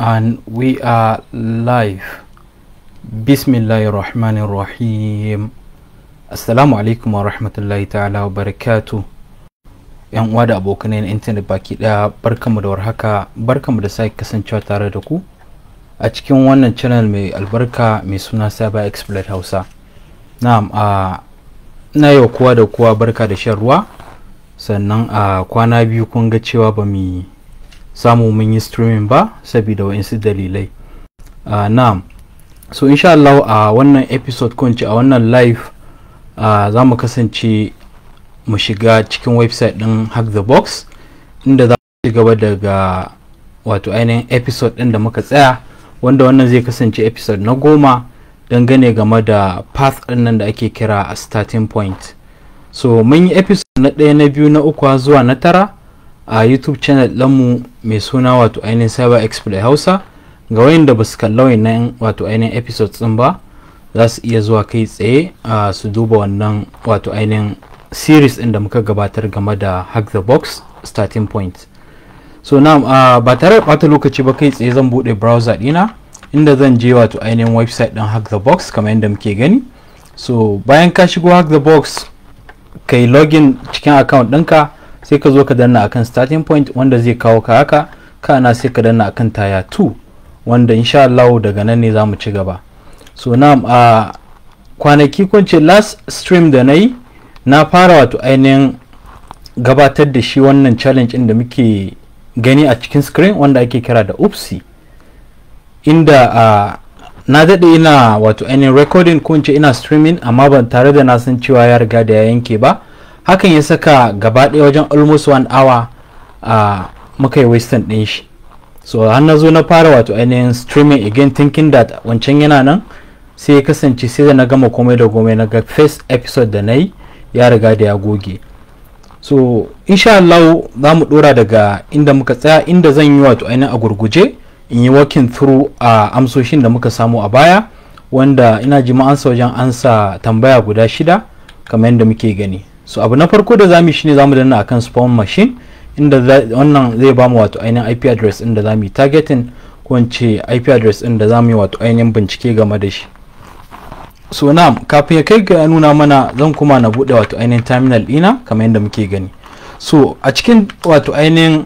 and we are live bismillahir rahmanir rahim assalamu alaikum wa rahmatullahi ta'ala wa barakatu yan uwa da abokanai na intanet baki daya barkamu da warhaka barkamu da sake kasancewa tare da ku a cikin wannan channel mai albarka mai suna saba explain hausa na'am a na yau kowa da kowa barka da shan ruwa sannan a kwana biyu kun ga cewa ba mu samu mun yi streaming ba saboda waɗansu dalilai uh, ah, na so insha Allah a wannan episode kunci a wannan live uh, za mu kasance mu shiga cikin website din hack the box inda za mu gaba daga wato ainihin episode ɗin da muka tsaya wanda wannan zai kasance episode na goma dangane game da path din nan da ake kira a starting point so mun yi episode na ɗaya na biyu na uku zuwa na tara a youtube channel ɗanmu mai suna wato ainihin cyber expert hausa ga wayanda ba su kalla wayannan wato ainihin episodes ɗin ba za su iya zuwa kai tsaye a su duba wannan wato ainihin series ɗin da muka gabatar game da hack the box starting point so na uh, ba tare da ɓata lokaci ba kai tsaye zan buɗe browser ɗina inda zan je wato ainihin website ɗin hack the box kamar yadda muke gani so bayan ka shigo hack the box kai login cikin account ɗinka sai ka zo ka danna akan starting point wanda zai kawo ka haka kana sai ka danna akan taya 2 wanda insha Allah daga nan ne za mu ci gaba so na a kwanaki kun ce last stream da na yi na fara wato ainihin gabatar da shi wannan challenge da muke gani a cikin screen wanda ake kira da upsi inda a na daɗe ina wato ainihin recording ko ina streaming amma ban tare da na san cewa ya riga da ya yanke ba hakan ya saka gaba ɗaya wajen almost one hour a muka yi western ɗin shi so har na zo na fara wato ainihin streaming again thinking that wancan yana nan sai ya kasance sai da na gama komai da gome na ga first episode da na yi ya riga da ya goge so insha Allah za mu dora daga inda muka tsaya inda zan yi wato ainihin a gurguje in yi walking through a amsoshin da muka samu a baya wanda ina ji ansa wajen ansa tambaya guda shida kamar yadda muke gani so abu na farko da zamu shine zamu danna akan spawn machine inda wannan zai bamu wato ainihin IP address inda zamu yi targeting ko ce IP address inda zamu yi wato ainihin bincike game da shi so na kafin ya kai ga nuna mana zan kuma na bude wato ainihin terminal dina kamar yadda muke gani so a cikin wato ainihin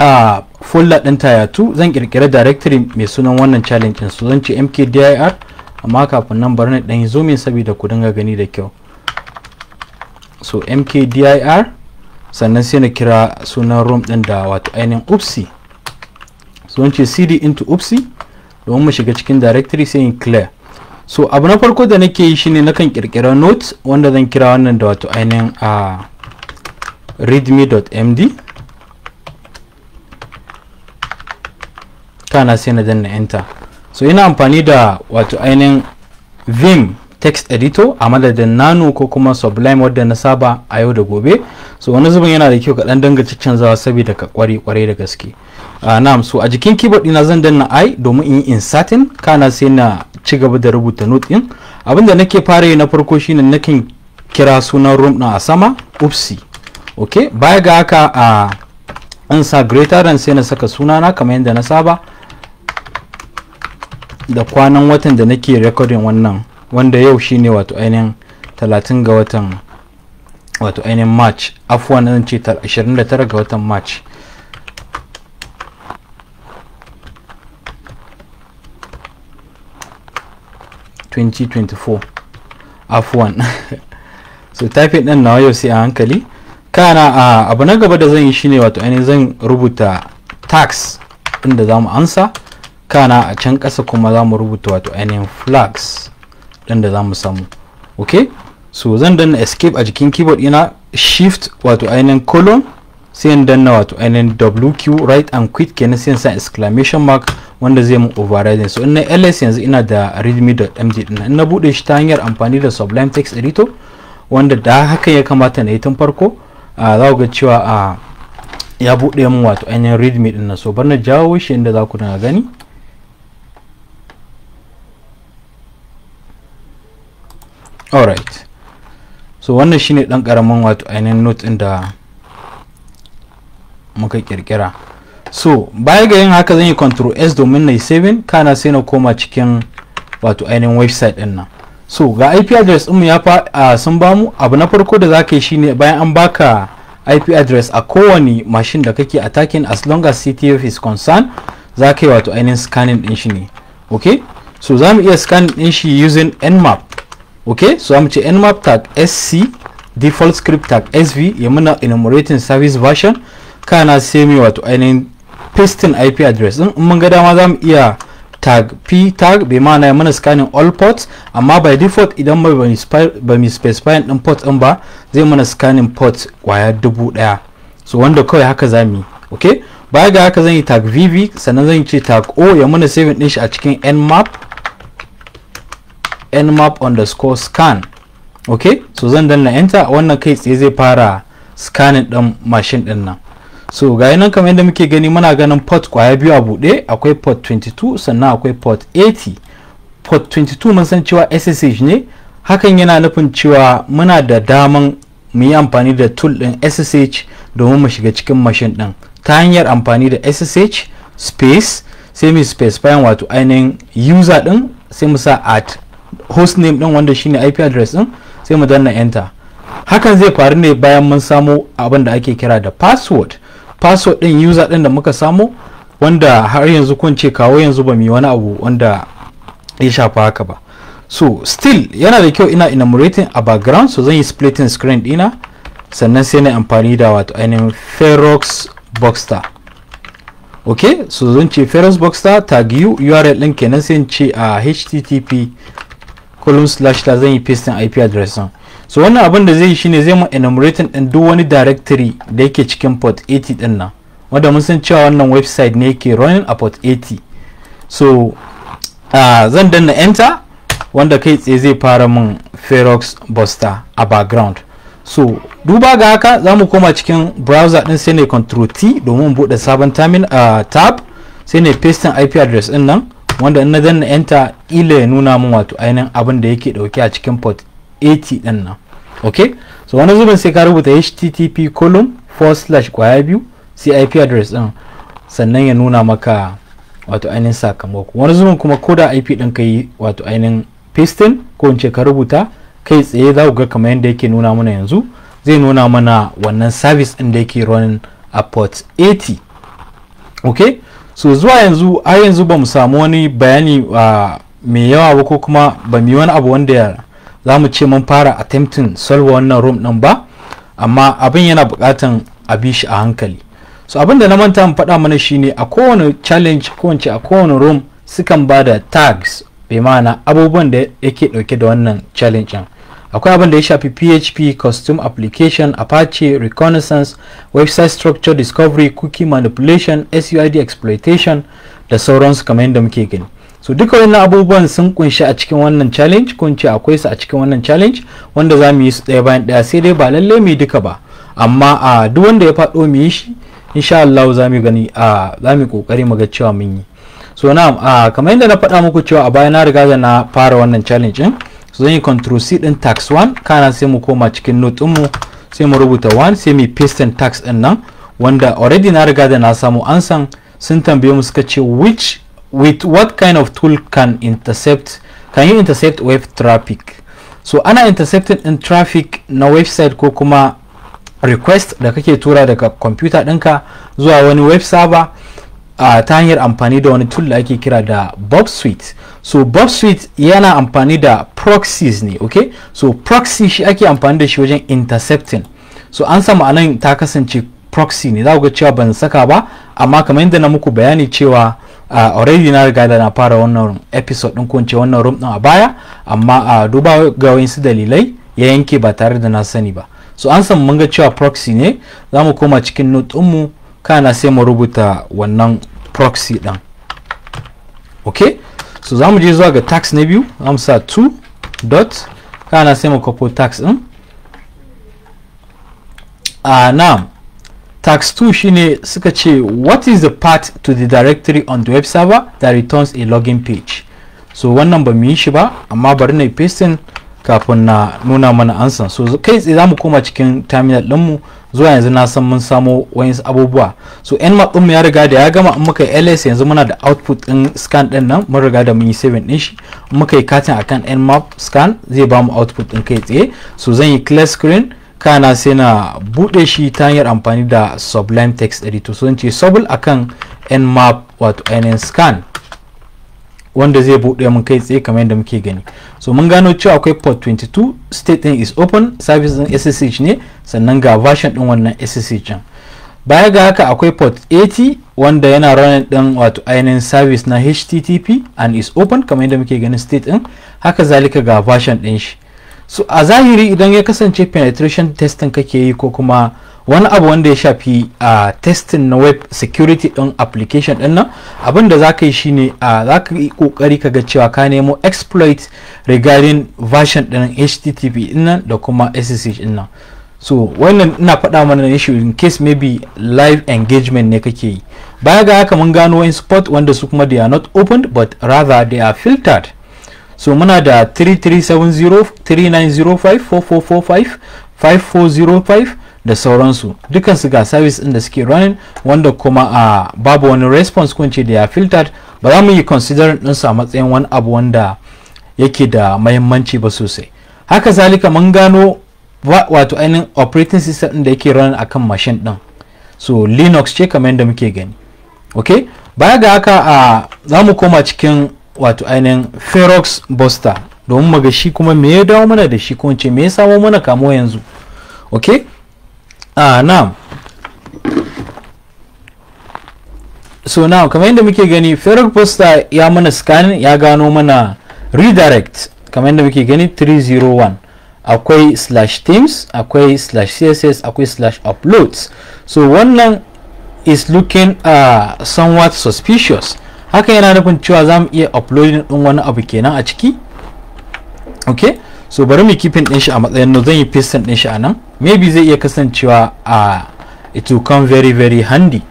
a folder din tayatu zan kirkira directory mai sunan wannan challenge so zan ce mkdir amma kafin nan bar ni dan zo min saboda ku dinga gani da kyau so mkdir sannan sai na kira sunan rom din da wato ainihin upsi so ce cd into upsi domin mu shiga cikin directory sai in clear so abu na farko da nake yi shine nakan kirkira note wanda zan kira wannan da wato ainihin a readme.md kana sai na danna enter so ina amfani da wato ainihin vim text editor a madadin nano ko kuma sublime wadda na saba a yau da gobe so wani zubin yana da kyau ka dan danga canzawa saboda ka kware kware da gaske ah, na'am so a jikin keyboard dina zan danna i domin in yi inserting kana sai na ci gaba da rubuta note din abinda nake fara yi na farko shine nakin kira sunan room din a sama upsi okay baya ga haka a an sa greater than sai na saka sunana kamar yadda na saba da kwanan watan da nake recording wannan wanda yau shine wato ainihin talatin ga watan wato ainihin march afuwan zan ce 29 ga watan march afuwan so it din nawa yau sai a hankali kana uh, abu na gaba da zan yi shine wato ainihin zan rubuta tax inda za mu ansa kana a can ƙasa kuma za mu rubuta wato ainihin flags din da za samu ok so zan danna escape a jikin keyboard ina shift wato ainihin colon sai in danna wato ainihin wq right and quit kenan sai in sa exclamation mark wanda zai mun overriding so ina na ls yanzu ina da readme.md ɗin in na buɗe shi ta hanyar amfani da sublime text editor wanda da hakan ya kamata na yi tun farko za ku ga cewa ya buɗe mun wato ainihin readme ɗin so bar na jawo shi inda za ku na gani alright so wannan shine dan karamin wato ainihin note ɗin da muka kirkira so baya ga yin haka zan yi control s domin na yi saving kana sai na koma cikin wato ainihin website ɗin nan so ga ip address mu ya fa uh, sun bamu abu na farko da zaka yi shine bayan an baka ip address a kowane machine da kake attacking as long as ctf is concerned zaka yi wato ainihin scanning din shi ne okay so za iya scanning din shi using nmap okay so zamu ce nmap tag sc default script tag sv ya muna enumerating service version kana semi wato ainihin pasting ip address din in mun ga dama zamu iya tag p tag bai ma'ana ya mana scanning all ports amma by default idan ba mu specify din ports din ba zai mana scanning ports waya dubu daya so wanda kawai haka zamu yi okay baya ga haka zan yi tag vv sannan zan ce tag o ya mana saving din shi a cikin nmap nmap underscore scan ok so zan danna enter wannan kai tsaye zai fara scanning din machine din nan so ga nan kamar yadda muke gani muna ganin port kwaya biyu a buɗe akwai port 22 sannan akwai port 80 port 22 mun san cewa ssh ne hakan yana nufin cewa muna da daman mu yi amfani da tool din ssh domin mu shiga cikin machine din ta hanyar amfani da ssh space sai mu specify wato ainihin user din sai mu sa at hostname din wanda shine IP address din sai mu danna enter hakan zai faru ne bayan mun samo abin da ake kira da password password din user din da muka samu wanda har yanzu kun ce kawo yanzu ba mu wani abu wanda ya shafa haka ba so still yana da kyau ina enumerating a background so zan yi splitting screen dina sannan sai na amfani da wato ainihin ferox boxstar ok so zan ce ferox boxstar tag u url din kenan sai in ce a http colon slash la zan yi pasting IP address din so wannan abin da zai yi shine zai mu enumerating din duk wani directory da yake cikin port 80 din nan wanda mun san cewa wannan website ne yake running a port 80 so uh, zan danna enter wanda kai tsaye zai fara mun ferox buster a background so duba ga haka za mu koma cikin browser din sai ne control t domin buɗe sabon terminal uh, tab sai ne pasting ip address din nan wanda ina na danna enta ila ya nuna min wato ainihin abin da yake dauke a cikin port 80 din nan okay so wani zubin sai ka rubuta http colon forward slash kwaya biyu sai ip address din sannan ya nuna maka wato ainihin sakamako wani zubin kuma koda ip din ka wato ainihin pasting ko in ce ka rubuta kai tsaye za ku ga kamar yadda yake nuna mana yanzu zai nuna mana wannan service din da yake running a port 80 okay so zuwa yanzu har yanzu ba mu samu wani bayani ah, mai yawa ba ko kuma ba mu yi wani abu wanda za mu ce mun fara attempting solve wannan room din ba amma abin yana bukatan a bi shi a hankali so abin da na manta mu faɗa mana shine a kowane challenge ko a kowane room sukan ba da tags bai ma'ana abubuwan da yake dauke da wannan challenge din akwai abin da ya shafi php custom application apache reconnaissance website structure discovery cookie manipulation suid exploitation da sauransu kamar yadda muke gani so duka wannan abubuwan sun kunshi a cikin wannan challenge kun ce akwai su a cikin wannan challenge wanda za mu yi su ɗaya bayan ɗaya sai dai ba lalle mu yi duka ba amma a duk wanda ya faɗo mu yi shi insha Allah za mu gani a za mu kokari mu ga cewa mun yi so na kamar yadda na faɗa muku cewa a baya na riga da na fara wannan challenge din zan yi control c din tax 1 kana sai mu koma cikin note mu sai mu rubuta 1 sai mu paste in tax din nan wanda already na riga da na samu ansan sun tambaye mu suka ce which with what kind of tool can intercept can you intercept web traffic so ana intercepting in traffic na website ko kuma request da kake tura daga computer ɗinka zuwa wani web server uh, ta hanyar amfani da wani tool da ake kira da bob suite so bob suite yana amfani da proxies ne okay so proxy shi ake amfani da shi wajen intercepting so an samu anan ta kasance proxy ne za ku ga cewa ban saka ba amma kamar yadda na muku bayani cewa uh, already na riga da na fara wannan episode din kunce wannan room din a baya amma a uh, duba ga wayansu dalilai ya yanke ba tare da na sani ba so an samu mun ga cewa proxy ne za mu koma cikin note mu kana sai mu rubuta wannan proxy ɗin ok so za mu je zuwa ga tax na biyu za mu sa 2 dot kana sai mu kwafo tax ɗin a ah, na tax 2 shine suka ce what is the path to the directory on the web server that returns a login page so wannan ba mu yi shi ba amma bari na yi pasting kafin na nuna mana ansan so kai tsaye za mu koma cikin terminal ɗinmu zuwa yanzu na san mun samo wayansu abubuwa so ɗin mu ya riga da ya gama in muka yi ls yanzu muna da output ɗin scan ɗin nan mun riga da mun yi saving din shi in muka yi katin akan nmap scan zai ba mu output ɗin kai tsaye so zan yi clear screen kana sai na buɗe shi ta hanyar amfani da sublime text editor so zan ce subl akan nmap wato ainihin scan wanda zai buɗe mun kai tsaye kamar yadda muke gani so mun gano cewa akwai port 22 state din is open service din ssh ne sannan ga version din wannan ssh din baya ga haka akwai port 80 wanda yana running din wato ainihin service na http and is open kamar yadda muke ganin state din haka zalika ga version din shi so a zahiri idan ya kasance penetration testing kake yi ko kuma wani abu wanda ya shafi a testing na web security din application din nan abin da za ka yi shine a za ka yi kokari ka ga cewa ka nemo exploit regarding version din http din nan da kuma ssh din nan so wannan ina faɗa mana ne shi in case maybe live engagement ne kake yi baya ga haka mun gano wani spot wanda su kuma they are not opened but rather they are filtered so muna da 3370 3905 4445 5405 da sauransu dukansu ga service ɗin da suke running wanda kuma a babu wani response ce da ya filtered ba za mu yi consider din a matsayin wani abu wanda yake da mahimmanci ba sosai haka zalika mun gano wato ainihin operating system ɗin da yake running akan machine ɗin so linux ce kamar yadda muke gani okay. baya ga haka a za mu koma cikin wato ainihin ferox buster domin ga shi kuma me ya dawo mana da shi ko me ya samo mana kamo yanzu okay. ah na'am so now kamar yadda muke gani ferric posta ya mana scan ya gano mana redirect kamar yadda muke gani 301 akwai slash teams akwai slash css akwai slash uploads so wannan is looking uh, somewhat suspicious haka yana nufin cewa za mu iya uploading din wani abu kenan a ciki okay so bari mu kifin din shi a matsayin no zan yi piston din shi a nan maybe zai iya kasancewa a it will come very very handy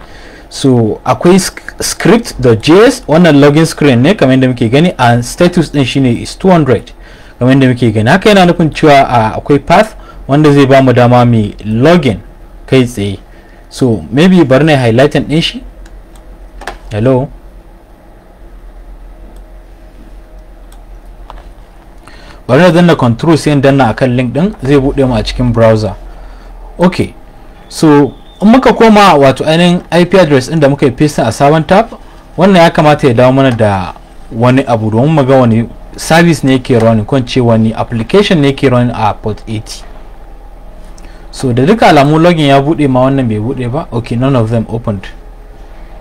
so akwai script.js wannan login screen ne kamar yadda muke gani and status din shine is 200 kamar yadda muke gani haka yana nufin cewa akwai path wanda zai bamu dama mai login kai tsaye so maybe bari na highlight din shi hello bari na danna control sai in danna akan link din zai bude mu a cikin browser okay so in muka koma wato ainihin ip address din da muka yi paste a sabon tab wannan ya kamata ya dawo mana da wani abu domin mu ga wani service ne yake running ko ce wani application ne yake running a port 80 so da duka alamu login ya bude ma wannan bai bude ba okay none of them opened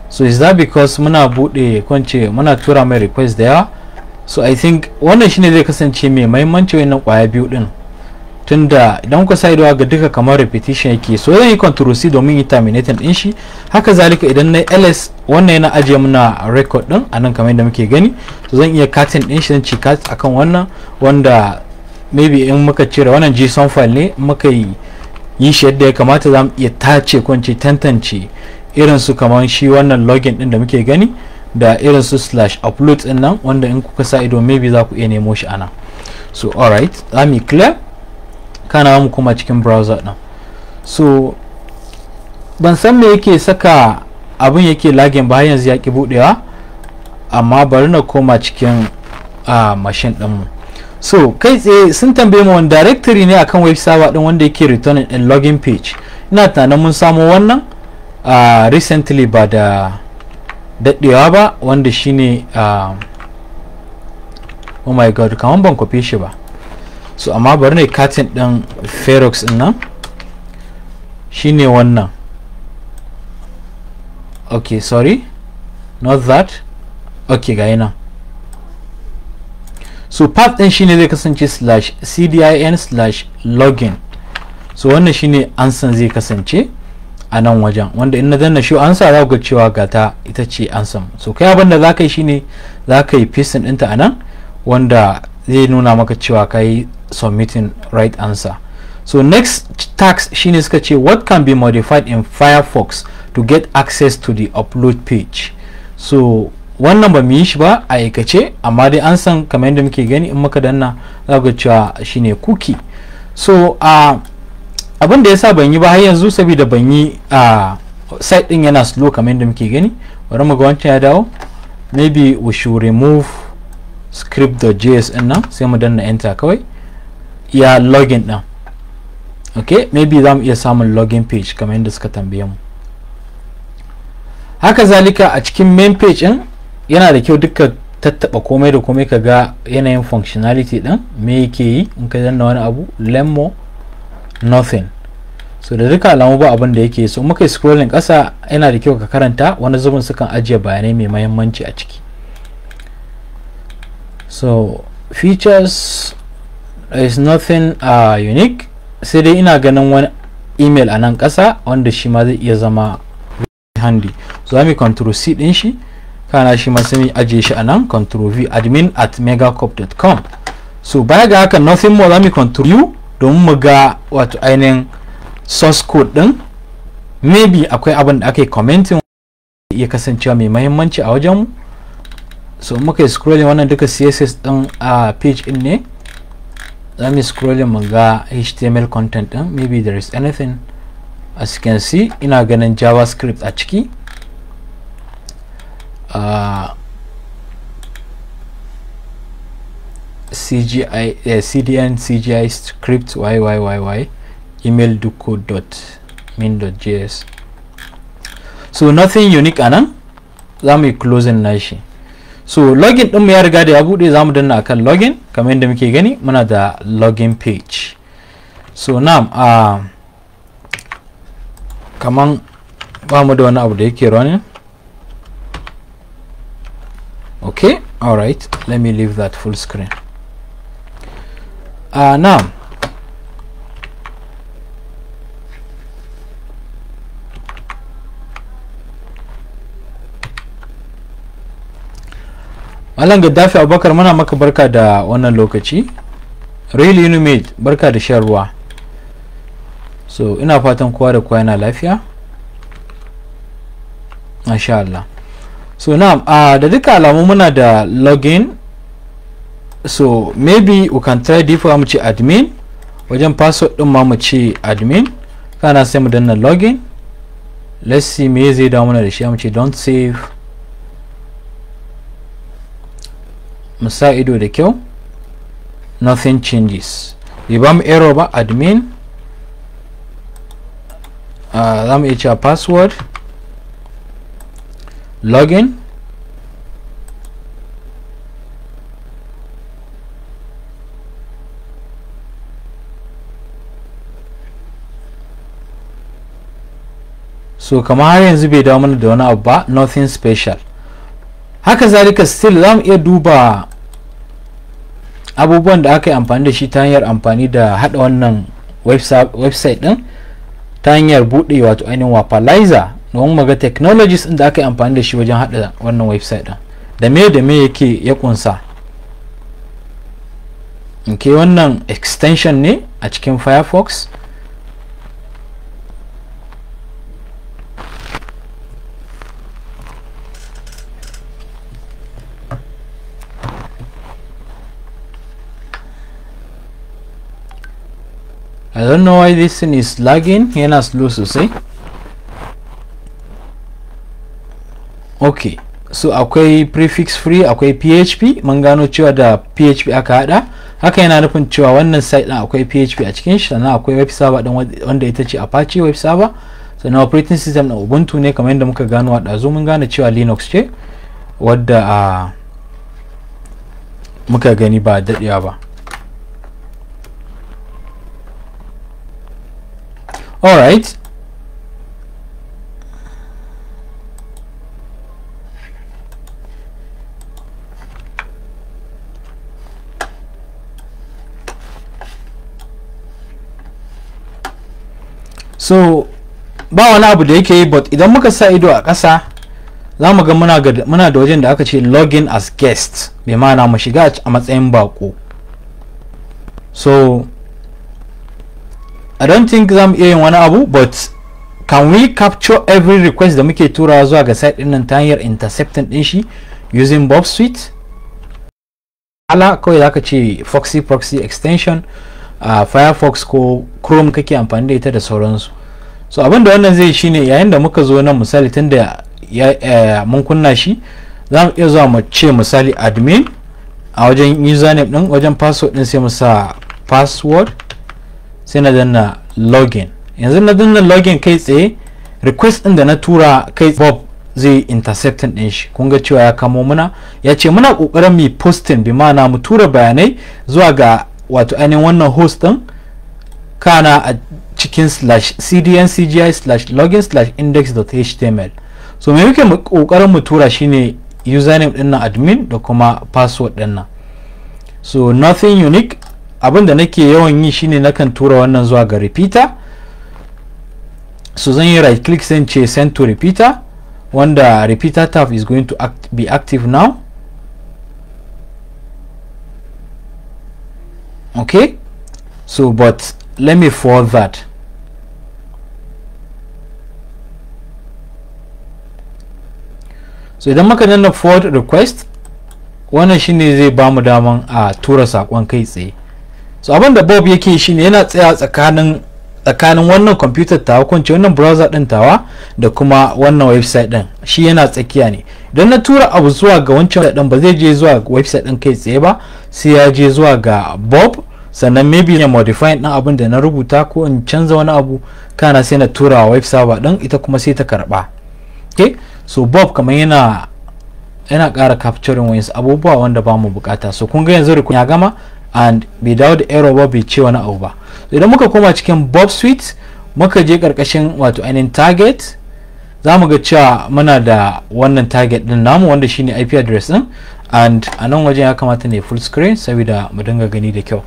so is that because muna bude ce muna tura mai request da yawa so i think wannan shine zai kasance mai mahimmanci wannan kwaya biyu din tunda idan ku sa idowa ga duka kamar repetition yake so zan yi control c domin yi terminating din shi haka zalika idan na ls wannan yana ajiye muna record din anan kamar yadda muke gani so zan iya cutting din shi zan ci cut akan wannan wanda maybe in muka cire wannan json file ne muka yi yi shi yadda ya kamata zamu mu iya tace ko tantance irin su kamar shi wannan login din da muke gani da irin su slash upload din nan wanda in kuka sa ido maybe za ku iya nemo shi ana so alright za mu clear kana mu kuma cikin browser din so ban san me yake saka abin yake lagin ba yanzu ya ki budewa amma bari na koma cikin uh, machine ɗinmu so kai tsaye sun tambaye mu wani directory ne akan web server din wanda yake returning in login page ina tunanin mun samo wannan uh, recently ba da daɗewa ba wanda shine uh, oh my god kamar ban kwafe shi ba so amma bari ne katin ɗin ferox ɗin nan shine wannan okay sorry not that okay ga nan so path ɗin shine zai kasance slash cdin slash login so wannan shine ansan zai kasance a nan wajen wanda in na danna shi ansa za ga cewa ga ta ita ce ansam so kai abin da za ka yi shine za ka yi pacing ɗinta a nan wanda zai nuna maka cewa ka yi submitting right answer so next tax shine suka ce what can be modified in firefox to get access to the upload page so wannan ba mu yi shi ba a aikace amma dai an san kamar yadda muke gani in muka danna za ga cewa shine cookie so uh, abin da yasa ban yi ba har yanzu saboda ban yi a site din yana slow kamar yadda muke gani bari mu ga wancan ya dawo maybe we should remove script.js din nan sai mu danna enter kawai ya login din okay maybe za mu iya samun login page kamar yadda suka tambaye mu haka zalika a cikin main page din yana da kyau duka tattaba komai da komai ka ga yanayin functionality din me yake yi in ka danna wani abu lemon nothing so da duka alamu ba abin da yake so muka scrolling ƙasa yana da kyau ka karanta wani zubin sukan ajiye bayanai mai mahimmanci a ciki so features is nothing uh, unique sai dai ina ganin wani email a nan ƙasa wanda shi ma zai iya zama handy so za mu control c din shi kana shi ma sai mu ajiye shi a control v admin at megacop.com so baya ga haka nothing more za mu control u domin mu ga wato ainihin source code din maybe akwai abin da aka yi commenting ya kasancewa mai mahimmanci a wajenmu so muka yi scrolling wannan duka css din a page in ne za mu scrolling mu ga html content din maybe there is anything as you can see ina ganin javascript a ciki ah, cgi uh, eh, cdn cgi script YYYY email do code dot min dot js so nothing unique anan za mu close closing nashi so login mu ya riga da ya buɗe za mu danna kan login kamar yadda muke gani muna da login page so nam uh, kaman ba mu da wani abu da yake running okay right let me leave that full screen آه ah, نعم Malam Gaddafi Abubakar muna maka barka da wannan lokaci. Real Unimate barka da shan ruwa. So ina fatan kowa da kowa yana lafiya. Masha Allah. So na'am uh, da duka alamu muna da login so maybe we can try default mu ce admin wajen password din ma mu ce admin kana sai mu danna login let's see me zai da mana da shi mu ce don't save mu ido da kyau nothing changes bai ba mu error ba admin ah, za mu iya cewa password login so kamar har yanzu bai dawo mana da wani abu ba nothing special haka zalika still za iya duba abubuwan da aka yi amfani da shi ta hanyar amfani da hada wannan website din ta hanyar bude wato ainihin wapalizer wani maga technologies da aka yi amfani da shi wajen hada wannan website din da me da me yake ya kunsa ke wannan extension ne a cikin firefox I don't know why this thing is lagging yana slow sosai Okay. so akwai prefix free akwai php mun gano cewa da php aka hada haka yana nufin cewa wannan site din akwai php a cikin shi sannan akwai web server din wanda ita ce apache web server sannan operating system na ubuntu ne kamar yadda muka gano a ɗazu mun gane cewa linux ce wadda a ah, muka gani ba dadewa ba All right. So ba wani abu da yake yi but idan muka sa ido a ƙasa za mu ga muna da wajen da aka ce login as guest mai ma'ana mu shiga a matsayin bako. So i don't think zamu iya yin wani abu but can we capture every request da muke turawa zuwa ga site din nan ta hanyar intercepting din shi using bob suite ala kawai zaka ce foxy proxy extension a uh, firefox ko chrome kake amfani da ita da sauransu so abin da wannan zai shine yayin da muka zo nan misali tun da mun kunna shi za mu iya zuwa mu misali admin a wajen username din wajen password din sai mu sa password sai na danna login yanzu na danna login kai tsaye request din da na tura kai bob zai intercepting din shi kun ga cewa ya kamo muna ya ce muna kokarin mu posting bi ma'ana mu tura bayanai zuwa ga wato ainihin wannan host din kana a cikin slash cdncgi slash login slash index.html so me muke kokarin mu tura shine username din nan admin da kuma password din nan so nothing unique abin da nake yawan yi shine nakan tura wannan zuwa ga repeater so zan yi right click sai ce send to repeater wanda repeater tab is going to act, be active now okay so but let me forward that so idan muka danna forward request wannan shine zai bamu daman a tura sakon kai tsaye so abin da bob yake ne yana tsaya tsakanin tsakanin wannan kwamfutar tawa kunce wannan browser din tawa da kuma wannan website din shi yana tsakiya ne don na tura abu zuwa ga wancan din ba zai je zuwa website din kai tsaye ba sai ya je zuwa ga bob sannan maybe ya modify din abin da na rubuta ko in canza wani abu kana sai na tura wa web server din ita kuma sai ta karba okay so bob kamar yana yana ƙara capturing wayansu abubuwa wanda ba mu bukata so kun ga yanzu riku ya gama and bai dawo da error ba bai ce wani abu ba idan muka koma cikin bob suite muka je karkashin wato ainihin target za mu ga cewa muna da wannan target din namu wanda shine ip address din and a nan wajen ya kamata ne full screen saboda mu dinga gani da kyau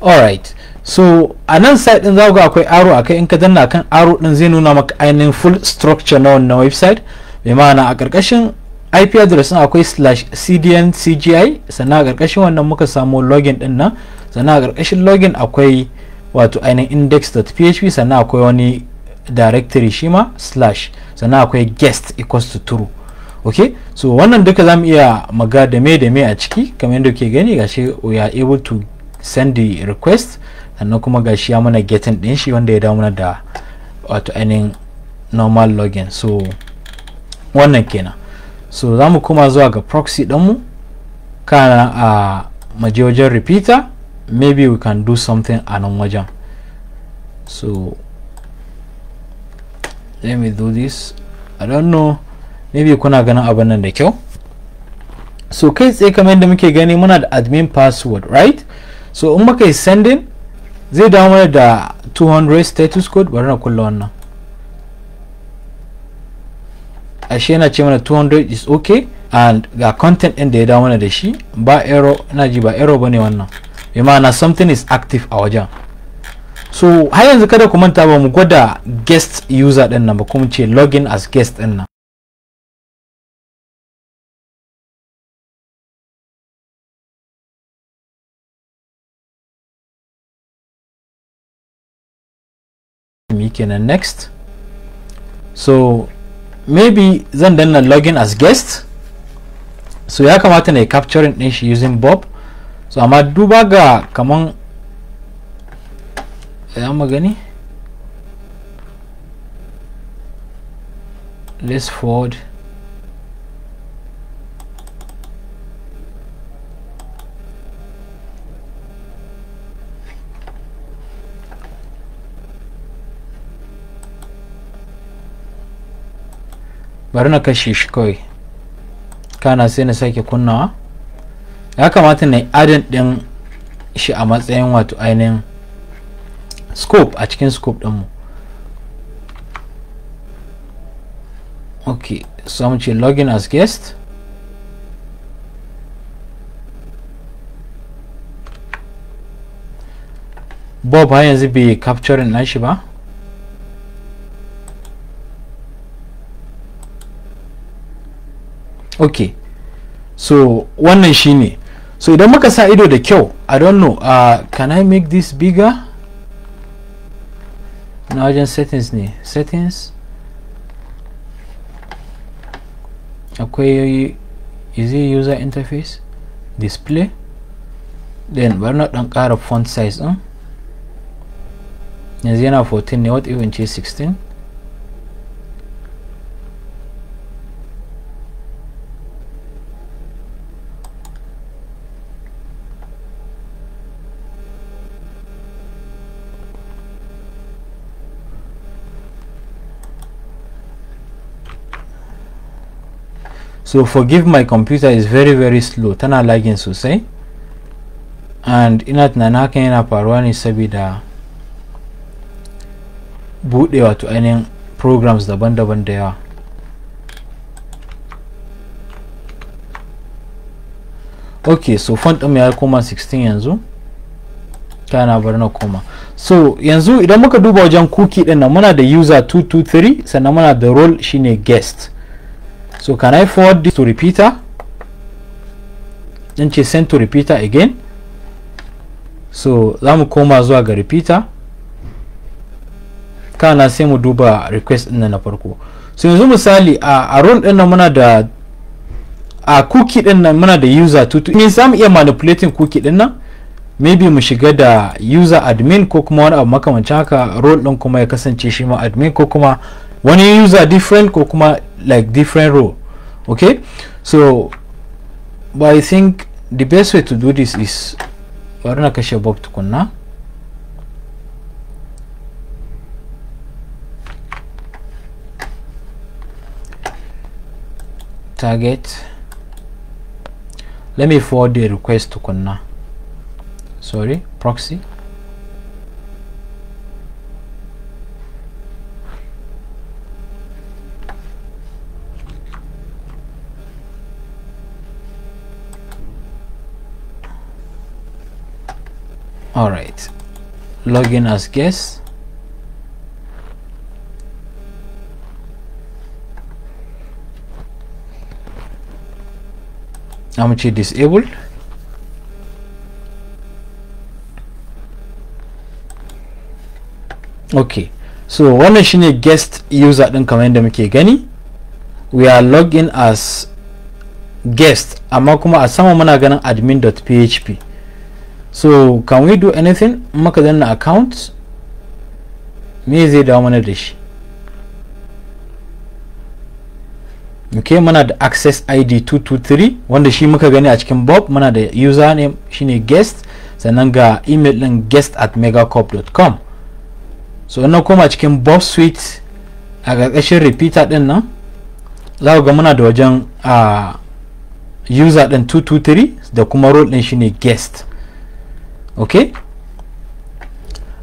alright so a nan site din za ga akwai aro akai in ka danna kan aro din zai nuna maka ainihin full structure na wannan website bai ma'ana a karkashin ip address na akwai slash cdn cgi sannan a ƙarƙashin wannan muka samu login ɗin nan sannan a ƙarƙashin login akwai wato ainihin index.php sannan akwai wani directory shima slash sannan akwai guest equals to true ok so wannan duka za mu iya maga da me da me a ciki kamar yadda kuke gani gashi we are able to send the request sannan kuma gashi ya mana getting ɗin shi wanda ya dawo mana da wato ainihin normal login so wannan kenan so za mu kuma zuwa ga proxy ɗinmu kana a maje wajen repeater maybe we can do something a nan wajen so let me do this i don't know maybe kuna ganin abin nan da kyau so kai tsaye kamar yadda muke gani muna da admin password right so in muka yi sending zai dawo mana da 200 status code bari na kulla wannan ashe yana ce mana 200 is okay and ga content ɗin da ya dawo mana da shi ba error ina ji ba error bane wannan bi ma'ana something is active a wajen so har yanzu kada ku manta ba mu gwada guest user ɗin nan ba kuma ce login as guest ɗin nan kenan next so maybe zan danna login as guest so ya kamata na yi capturing din shi using bob so amma duba ga kaman ya magani let's forward bari na kashe shi kawai kana sai na sake kunnawa ya kamata na yi adin din shi a matsayin wato ainihin scope a cikin scope dinmu ok so mu ce login as guest bob har yanzu bai capturing nashi ba ok so wannan shine so idan muka sa ido da kyau i don't know uh, can i make this bigger na wajen settings ne settings akwai is it user interface display then bari na dan kara font size din yanzu yana 14 ne what even ce 16 so forgive my computer is very very slow tana lagging sosai and ina tunanin hakan yana faruwa ne saboda bude wato ainihin programs daban-daban da yawa ok so font ɗin ya koma 16 yanzu kana bar na koma so yanzu idan muka duba wajen cookie ɗin nan muna da user 223 sannan muna da role shine guest so can I forward this to repeater then ce send to repeater again so za koma zuwa ga repeater kana sai mu duba request din na farko so yanzu misali a a role din nan muna da a cookie din nan muna da user tutu ne zamu iya manipulating cookie din nan maybe mu shiga da user admin ko kuma wani abu makamancin haka role din kuma ya kasance shi ma admin ko kuma wani user different ko kuma like different row okay so but i think the best way to do this is bari na box to kunna. target let me forward the request to kunna. sorry proxy all right log in as guest Amachi disabled okay so wannan a guest user din kamar yadda muke again, we are logged in as guest amma kuma a admin.php so can we do anything maka zanna account me zai dawo mana da shi ok muna da access id 223 wanda shi muka gani a cikin bob muna da username shine guest sannan ga email din guest at megacorp.com so ina koma cikin bob suite a ƙarƙashin repeater din nan za ga muna da wajen a ah, user din 223 da kuma role din shine guest okay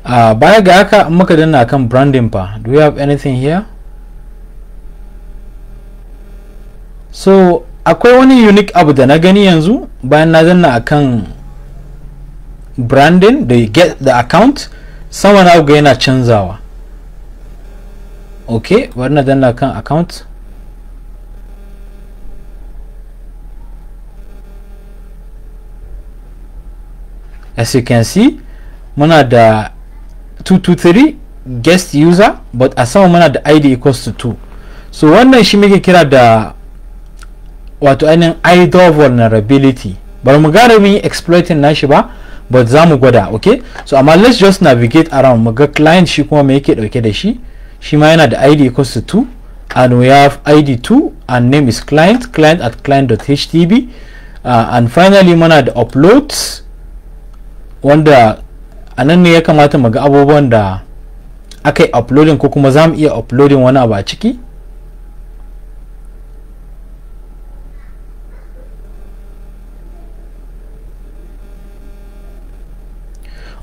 uh, baya ga haka muka danna kan branding fa do you have anything here so akwai wani unique abu da na gani yanzu bayan na danna akan branding da get the account sama na ga yana canzawa okay bari na danna kan account as you can see muna da 223 guest user but a sama muna da id equals to 2 so wannan shi muke kira da wato ainihin idol vulnerability ba mu gane mun yi exploiting nashi ba but za mu gwada okay so amma let's just navigate around mu ga client shi kuma me yake dauke da shi shi ma yana da id equals to 2 and we have id 2 and name is client client at client.htb uh, and finally muna da uploads wanda a nan ne ya kamata mu ga abubuwan da aka yi uploading ko kuma za mu iya uploading wani abu a ciki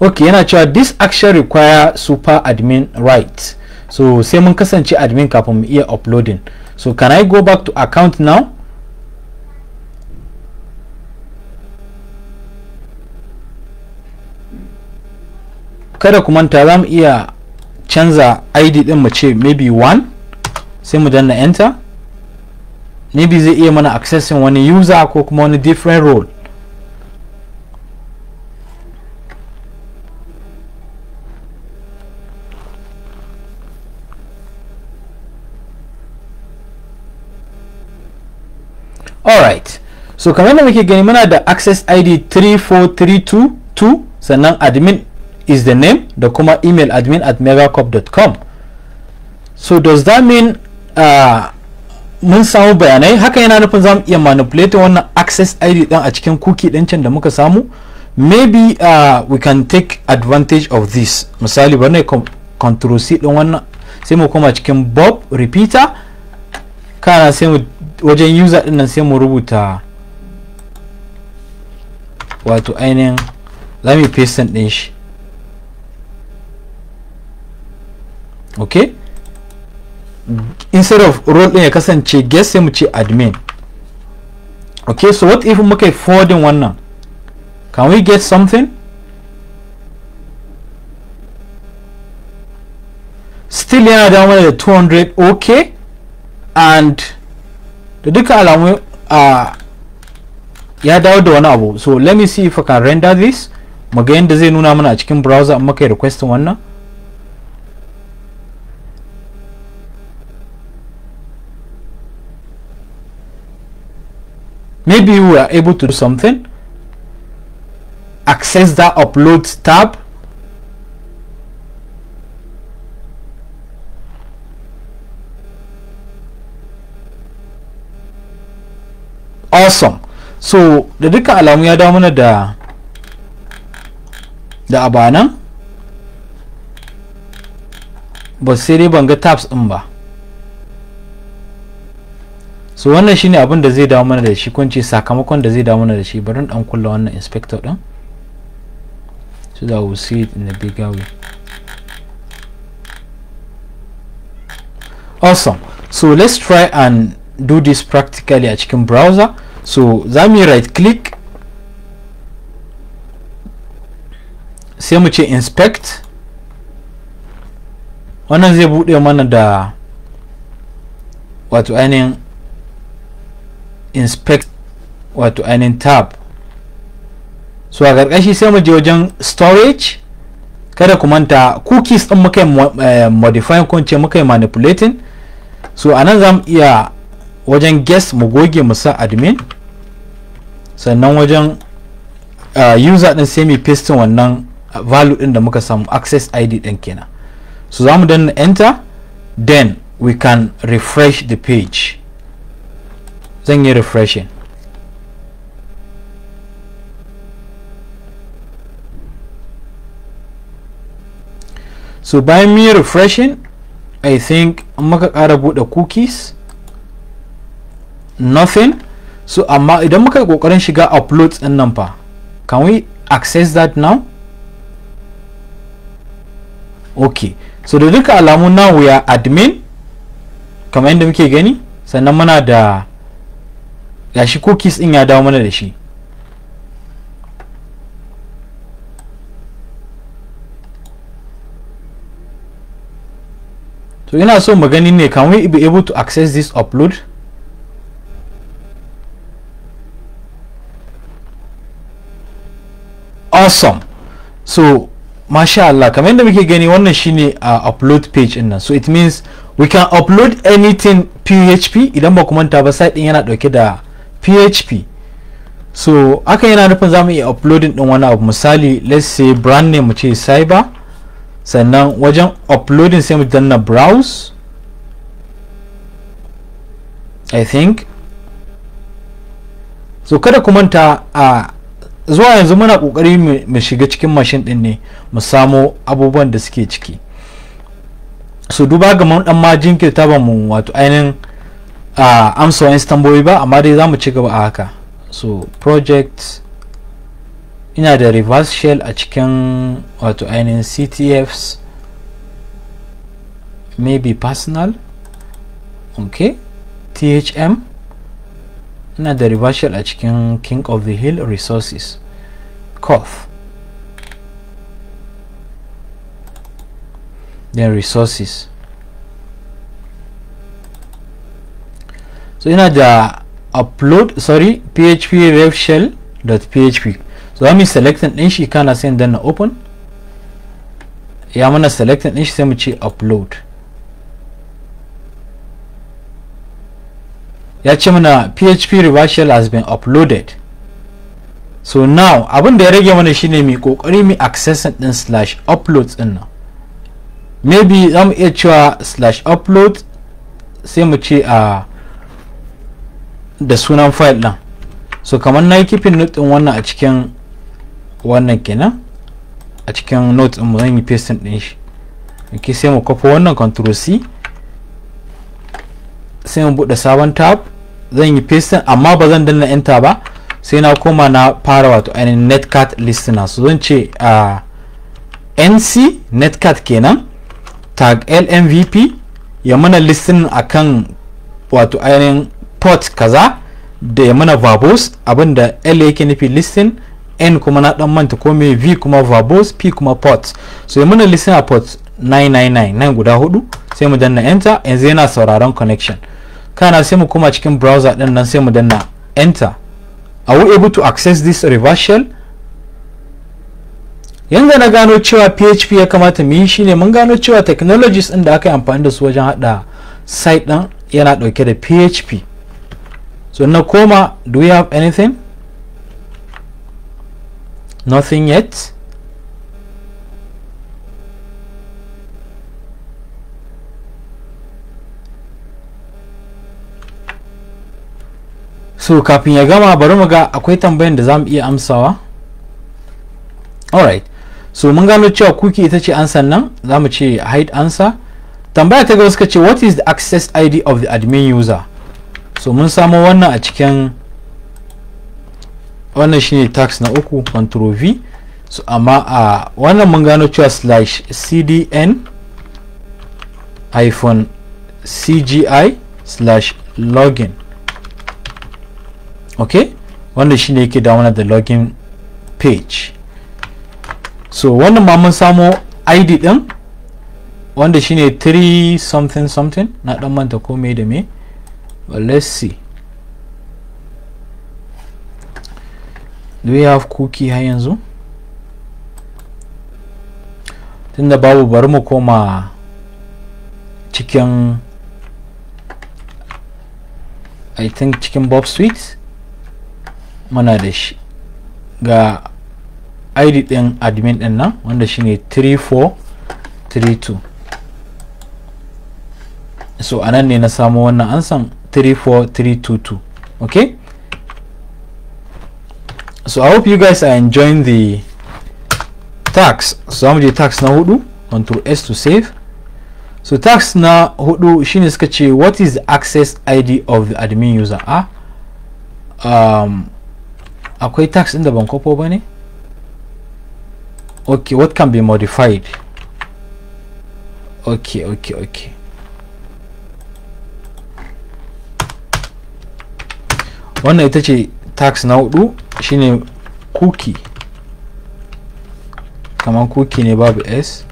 ok yana cewa this action require super admin rights so sai mun kasance admin kafin mu iya uploading so can i go back to account now kada ku manta za mu iya canza id din mu ce maybe 1 sai mu danna enter maybe zai iya mana accessing wani user ko kuma wani different role alright so kamar da muke gani muna da access id 34322 sannan admin is the name da kuma email admin at megacorp.com so does that mean uh, mun samu bayanai haka yana nufin zamu iya manipulate wannan access id din a cikin cookie din can da muka samu maybe uh, we can take advantage of this misali bari ne control c din wannan sai mu koma cikin bob repeater kana sai mu wajen user din nan sai mu rubuta wato ainihin za mu paste din shi okay instead of rolling a custom kasance guest sai mu admin okay so what if a yi one now? can we get something still yana da mana da 200 okay and the duka alamu yeah, that dawo do wani so let me see if i can render this Again, does yadda zai a cikin browser Make a request one now. maybe we are able to do something access that upload tab awesome so the duka alamu ya dawo na da da abanan ba sai dai tabs so wannan shine abin da zai dawo mana da shi ce sakamakon da zai dawo mana da shi bari dan kulla wannan inspector din so that we see it in a bigger way awesome so let's try and do this practically a cikin browser so za mu right click sai mu ce inspect wannan zai buɗe mana da wato ainihin inspect wato ainihin tab so a ƙarƙashi sai mu je wajen storage kada ku manta cookies ɗin muka yi eh, modifying ko ce muka yi manipulating so a nan za mu iya wajen guest mu goge mu sa admin sannan wajen eh, user ɗin sai mu paste wannan value ɗin da muka samu access id ɗin kenan so za mu danna enter then we can refresh the page zan yi refreshing so bayan me refreshing i think maka kara buɗe cookies nothing so amma idan muka yi ƙoƙarin shiga uploads din nan fa can we access that now okay so da duka alamu now we are admin kamar yadda muke gani sannan muna da yashi cookies din ya dawo mana da shi so ina so mu gani ne can we be able to access this upload awesome so masha Allah kamar yadda muke gani wannan shine a uh, upload page din nan so it means we can upload anything php idan ba ku manta ba site din yana dauke da php so aka yana nufin za mu iya uploading din wani abu misali let's say brand name mu ce cyber sannan wajen uploading sai mu danna browse i think so kada ku manta a zuwa yanzu muna kokari mu shiga cikin mashin din ne mu samo abubuwan da suke ciki so duba ga mun dan ma jinkirta ba mu wato ainihin a amsa wa ba amma dai za mu ci gaba a haka so project ina da reverse shell a cikin wato ainihin ctfs maybe personal okay thm ina da reverse shell a cikin king of the hill resources cough then resources so ina da upload sorry php rev shell php so za mu selecting din shi kana sai danna open ya mana selecting din shi sai mu ce upload ya ce mana php rev shell has been uploaded so now abin da ya rage mana shine mi kokari mi access din slash uploads din nan maybe za mu iya cewa slash upload sai mu ce a ah, da sunan file ɗin so kamar na yi kifin not ɗin wannan a cikin wannan kenan a cikin not ɗin mu zan yi pasting ɗin shi ok sai mu kafa wannan control c sai mu buɗe sabon tab zan yi pasting amma ba zan danna enter ba sai na koma na fara wato ainihin netcat listener so zan ce a nc netcat kenan tag lmvp ya mana listening akan wato ainihin port kaza da ya mana verbose abinda l yake nufi listing n kuma na dan manta ko mai v kuma verbose p kuma port so ya mana listing a port 999 nan guda hudu sai mu danna enter yanzu yana sauraron connection kana sai mu kuma cikin browser din nan sai mu danna enter are we able to access this reverse shell yanzu na gano cewa php ya kamata mu yi shine mun gano cewa technologies din da aka yi amfani da su wajen hada site din yana dauke da php so now comma do we have anything nothing yet so kafin ya gama bari mu ga akwai tambayan da zamu iya amsawa alright so mun gano cewa kuki ita ce ansan nan za mu ce hide answer tambaya ta gaba suka ce what is the access id of the admin user so mun samo wannan a cikin wannan shine tax na uku control v so amma a wannan mun gano cewa slash cdn iphone cgi slash login ok wanda shine yake da wannan da login page so wannan ma mun samo id din wanda shine 3 something something na dan manta ko me da me but let's see do we have cookie har yanzu tunda babu bari mu koma cikin i think cikin bob sweets muna da shi ga id din admin din nan wanda shine 3432 so anan ne na samu wannan ansan 34322 okay so i hope you guys are enjoying the tax so I'm the tax now hudu control s to save so tax now hudu shine what is the access id of the admin user Ah. um, akwai tax in the bank okay what can be modified okay okay okay wannan ita ce tax na hudu shine kuki kamar kuki ne babu s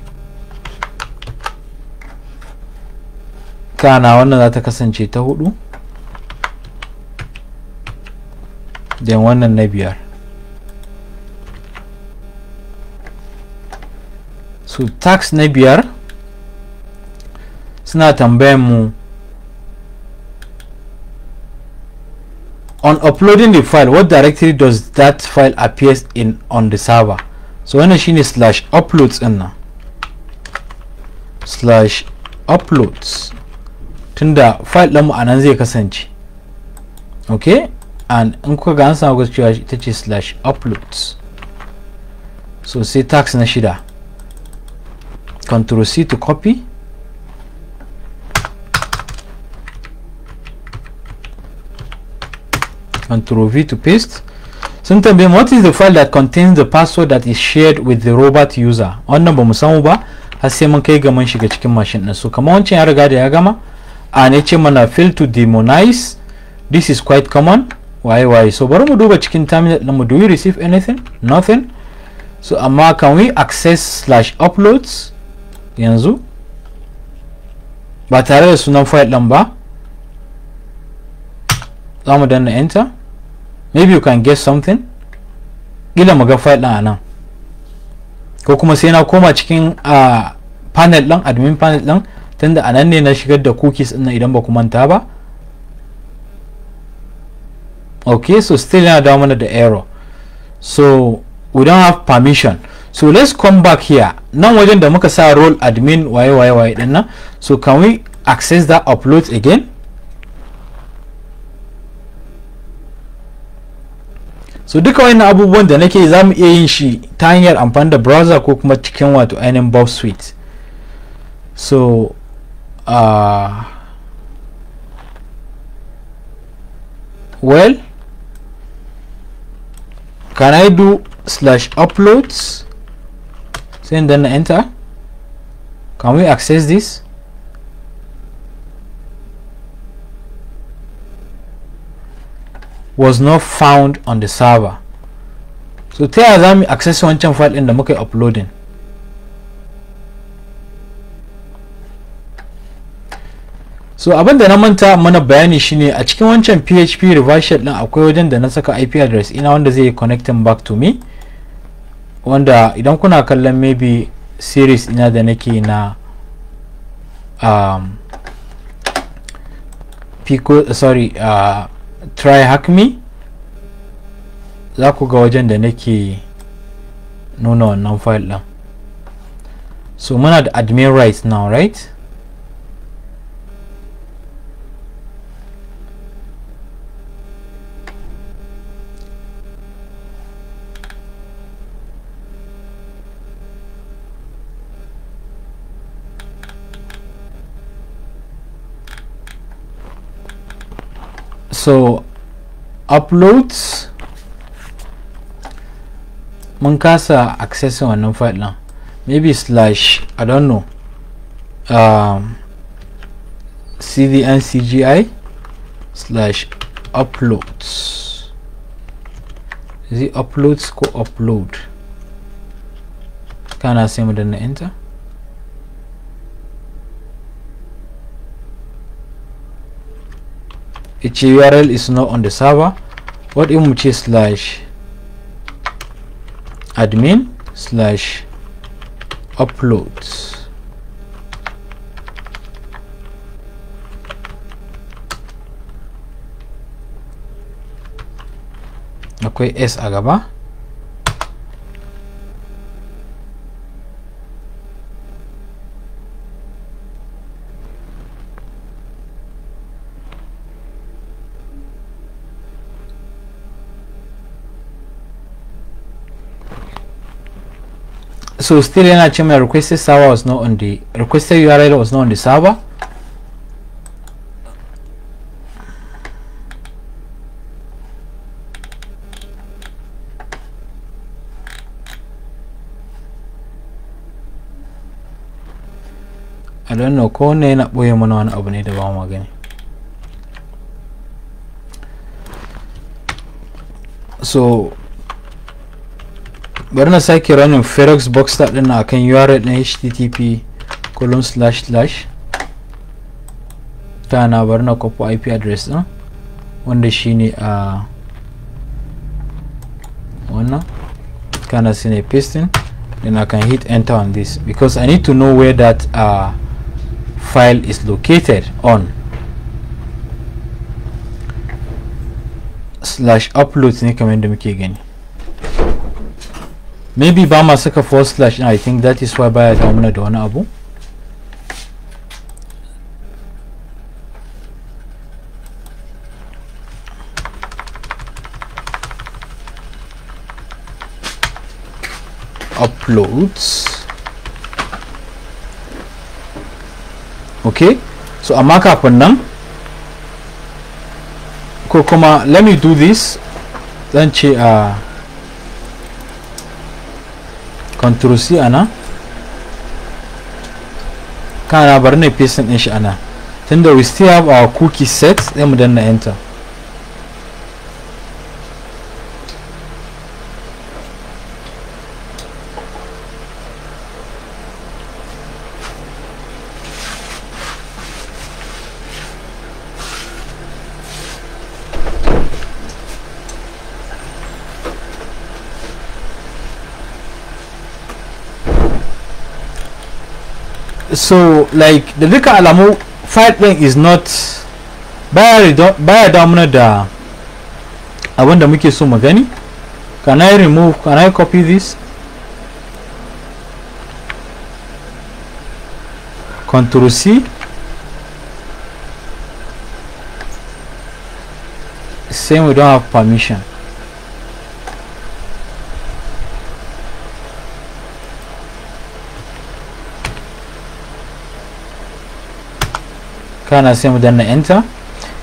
kana wannan za ta kasance ta hudu den wannan na biyar so tax na biyar suna tambayan mu on uploading the file what directory does that file appears in on the server so wannan shine slash uploads in slash uploads tunda file ɗinmu anan zai kasance okay and in kuka ga an samu cewa ita ce slash uploads so sai tax na shida control c to copy Ctrl V to paste. Sun tambaye what is the file that contains the password that is shared with the robot user? On ba mu samu ba har sai mun kai ga shiga cikin machine na. So kamar wancan ya riga ya gama an mana fail to demonize this is quite common Why, waye so bari mu duba cikin terminal din mu do we receive anything nothing so amma can we access slash uploads yanzu ba tare da sunan file number. ba za mu danna enter maybe you can get something ƙila mu ga file din anan ko kuma sai na koma cikin a panel din admin panel ɗin tunda anan ne na shigar da cookies din idan ba ku manta ba okay so still yana dawo mana da error so we don't have permission so let's come back here nan wajen da muka sa role admin waye waye waye so can we access that upload again so duka wani abubuwan da nake za mu iya yin shi ta hanyar amfani da browser ko kuma cikin wato ainihin bob suite so uh, well can i do slash uploads so then enter can we access this was not found on the server so ta yaya za mu access wancan file ɗin da muka uploading so abin da na manta mana bayani shine a cikin wancan php reversion din akwai wajen da na saka ip address ina wanda zai connecting back to me wanda idan kuna kallon maybe series ina da nake na um, pico sorry uh, try hack me za ku ga wajen da nake nuna wannan file ɗin so muna da admin rights now right so uploads mun kasa accessing wannan file din maybe slash i don't know um, cdncgi slash uploads is it uploads ko upload kana sai mu danna enter its url is not on the server what in mu slash admin slash uploads akwai s a gaba so still yana ce mai requested server was not on the requested url was not on the server I don't know ko ne yana ɓoye mana wani abu ne da ba mu gani so bari na sake ranin ferox boxer din na kan url na http colon slash slash ta na bari na kwafo ip address din wanda shine a wannan kana sine pasting then I can hit enter on this because I need to know where that uh, file is located on slash upload ne kamar da muke gani maybe ba ma saka forward slash i think that is why baya dawo mana da wani abu uploads okay so amma kafin nan ko kuma let me do this zan ce a uh, control c ana kana bari ne paste din shi ana tunda we still have our cookie set sai mu danna enter so like the duka Alamo fight din is not baya damuna da uh, abinda muke so Magani can i remove can i copy this ctrl c same we don't have permission kana sai mu danna enter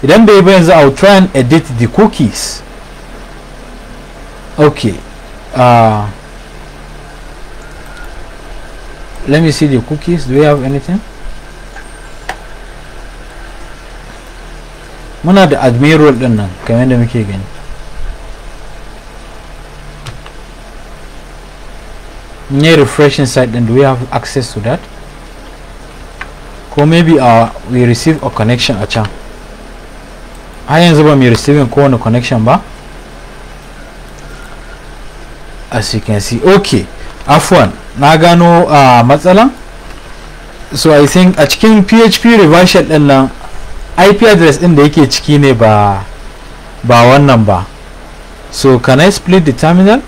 idan bai ba yanzu i'll try and edit the cookies okay uh, let me see the cookies do we have anything muna da admiral din nan kamar yadda muke gani ne refreshing site din do we have access to that ko maybe a uh, we receive a connection a can har yanzu ba mai receiving kowane connection ba as you can see okay afwan na gano a uh, matsalan so i think a cikin php reversion din nan ip address din da yake ciki ne ba ba wannan ba so can i split the terminal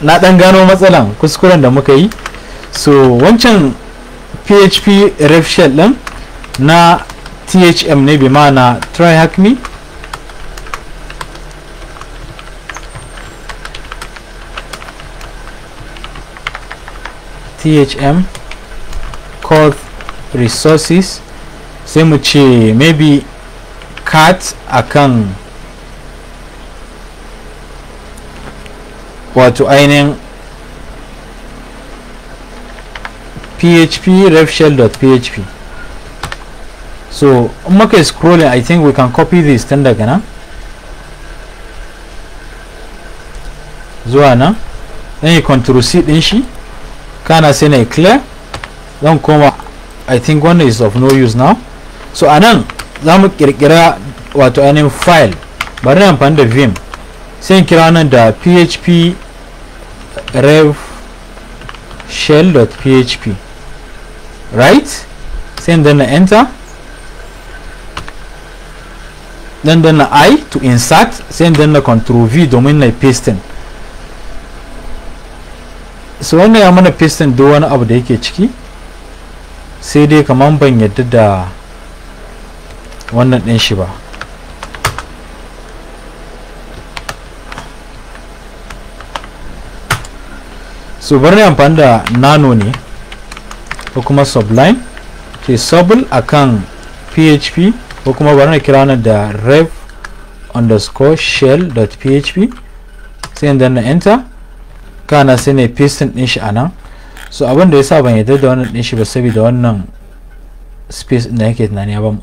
na dan gano matsalan kuskuren da muka yi so wancan php ref shell din na thm ne bi ma'ana try hack me thm call resources sai mu ce maybe cat akan wato ainihin php ref shell.php so in muka scrolling i think we can copy this tender gana nan zuwa nan control c din shi kana sai na clear don koma i think one is of no use now so anan zamu za kirkira wato anin file bari na amfani da vim sai kira nan da php rev shell.php right then the enter then the i to insert then the control v domin na pasting so wannan ya mana pasting duk wani abu da yake ciki sai dai kaman ban yadda da wannan din shi ba so when amfani da nano ne ko kuma sublime ke subl akan php ko kuma bari na kira na da rev underscore php sai yadda na enter kana sai ne pasting din shi anan so abin da yasa ban yadda da wannan din shi ba saboda wannan space din yake tunani ya bamu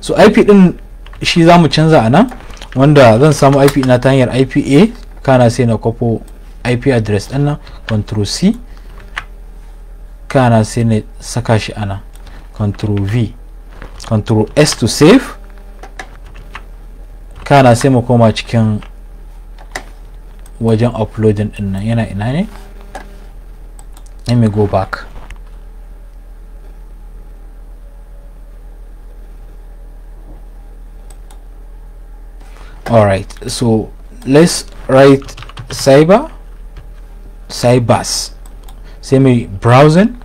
so ip din shi za mu canza anan wanda zan samu ip na ta hanyar ipa kana sai na kwafo ip address din nan control c kana sai na saka shi ana control v control s to save kana sai mu koma cikin wajen uploading din nan yana ina ne let me go back alright so let's write cyber cybers semi browsing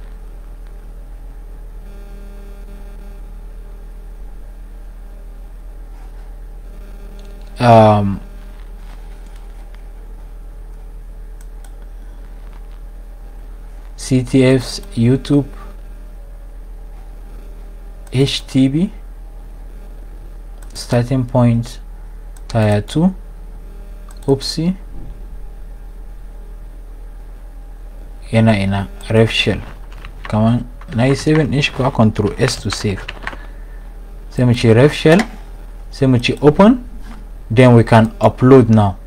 Um, CTF's YouTube HTB starting point tire 2 oopsie yana ina ref shell kaman na yi 7 inch control s to save sai mu ref shell sai mu open then we can upload now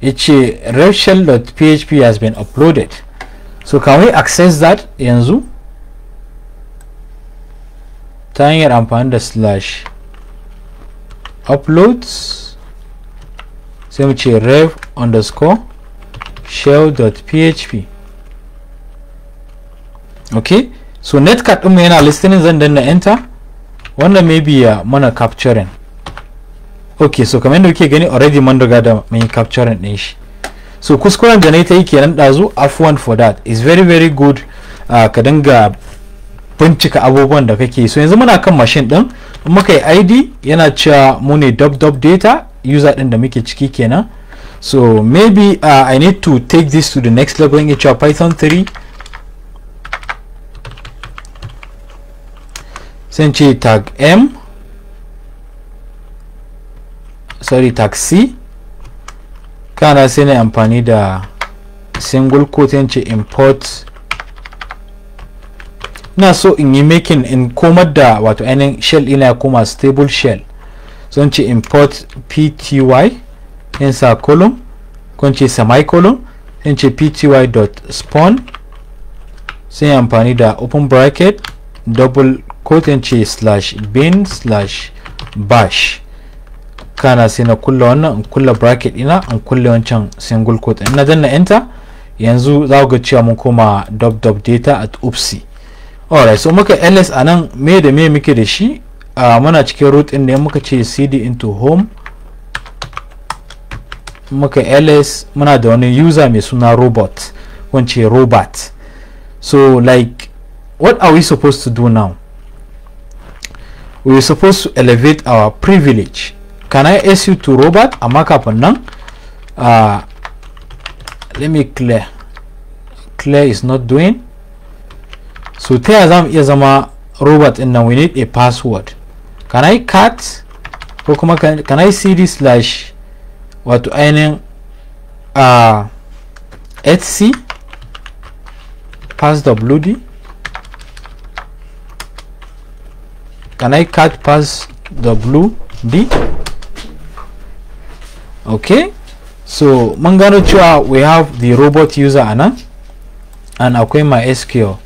it's revshell.php has been uploaded so can we access that yanzu ta hanyar amfani da slash uploads sai mu ce rev underscore shell.php okay so netcat ɗinmu yana listening zan danna enter wannan maybe ya uh, mana capturing ok so kamar yadda kuke gani already man da mai capturing din shi so kuskuren da na yi ta yi kenan ɗazu afwan for that is very very good uh, ka dinga bincika abubuwan da kake so yanzu muna kan mashin din muka yi id yana cewa mu ne dub data user din da muke ciki kenan so maybe uh, i need to take this to the next level in hr python 3 sai ce tag m sorry tag c kana sai na amfani da single quote yanci import ina so in yi making in komar da wato ainihin shell ina ya koma stable shell sun ce import pty in sa column kun ce semicolon in ce pty.spawn sai amfani da open bracket double ko ce slash bin slash bash kana sai na kulla wannan in kulla bracket ina in kulle wancan single quote ina danna enter yanzu za ga cewa mun koma dub data at upsi alright so muka ls a nan me da me muke da shi muna cikin root din ne muka ce cd into home muka ls muna da wani user mai suna robot wance robot so like what are we supposed to do now we were supposed to elevate our privilege can i ask you to robert amma on now. uh, let me clear clear is not doing so tell them is a robot and robert we need a password can i cut ko can, can i cd slash wato i uh, etsy pass wd can I cut past the blue D okay so Mangano Chua, we have the robot user ana and my SQL.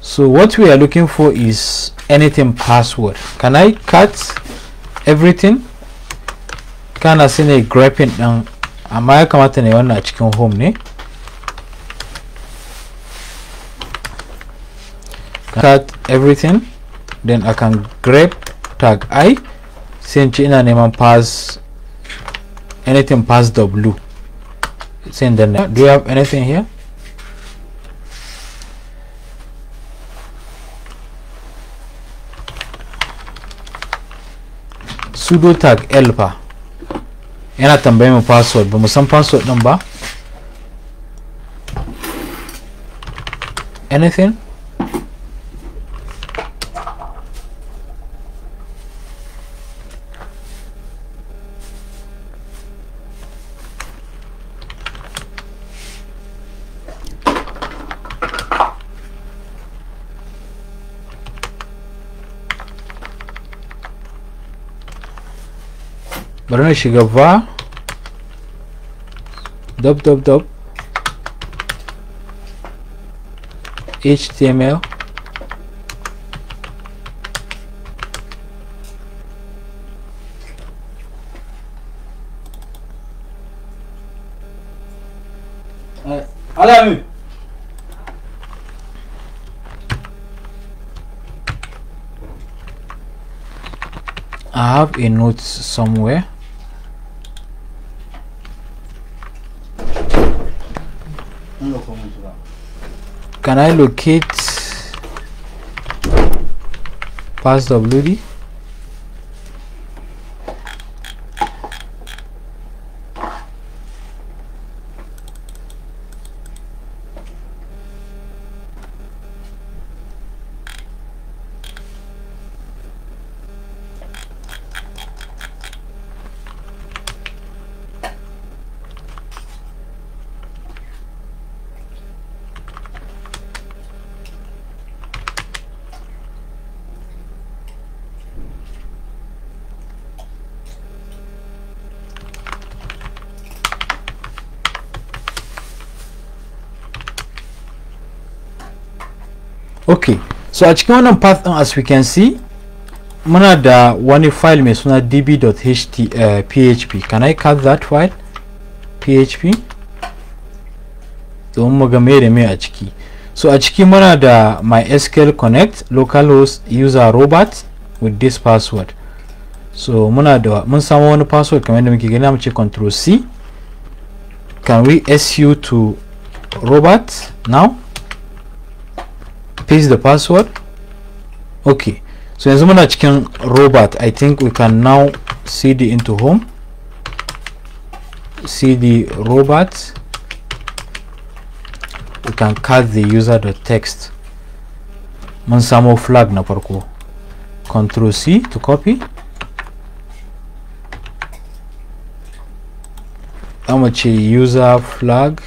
so what we are looking for is anything password can i cut everything Can I see the din amma ya kamata ne wannan a chicken home ne cut everything then I can grab tag i sai in ce ina neman pass anything pass w sai in danna do you have anything here sudo tag l fa yana tambaye mu password ba mu san password din ba anything bari na shiga va www html Alami. I have a note somewhere. can I locate passwd? okay so a cikin wannan path din as we can see muna da wani file mai suna db.php uh, can i cut that file php don mu ga me da me a ciki so a ciki muna da mysql connect localhost user robot with this password so muna da mun samu wani password kamar yadda muke gani mu ce control c can we su to robot now paste the password okay so yanzu muna cikin robot i think we can now cd into home cd robot we can cut the user.txt mun samo flag na parko. control c to copy how much user flag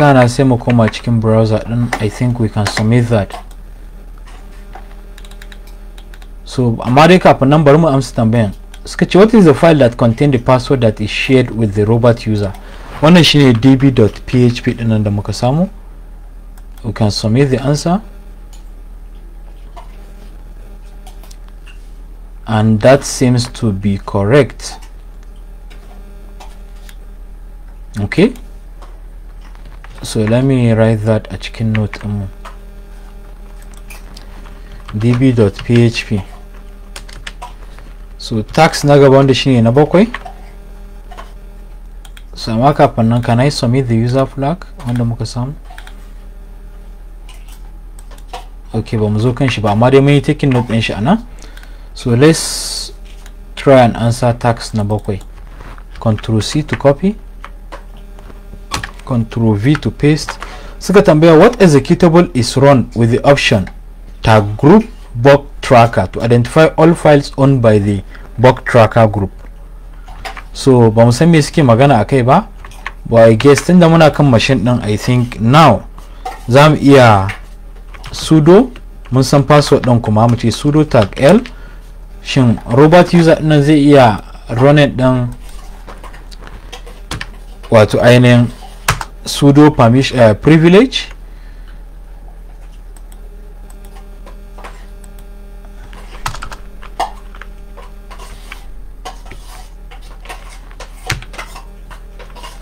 kana sai say koma cikin browser Then i think we can submit that so amma dai kafin nan bari mu amsa tambayan suka Sketch. what is the file that contains the password that is shared with the robot user wannan shine db.php dinnan da muka samu we can submit the answer and that seems to be correct okay so let me write that a chicken note ɗinmu db.php so tax na gaba wanda shine na bakwai so amma kafin nan can i submit the user flag wanda muka samu ok ba mu zo kan shi ba amma dai mun yi taking note din shi anan so let's try and answer tax na bakwai control c to copy Ctrl V to paste suka tambaya what executable is run with the option tag group bug tracker to identify all files owned by the bug tracker group so ba mu san me suke magana akai ba but I guess tunda muna kan machine din I think now za iya sudo mun san password din kuma mu ce sudo tag l shin robot user din zai iya run it din wato ainihin sudo permission uh, eh, privilege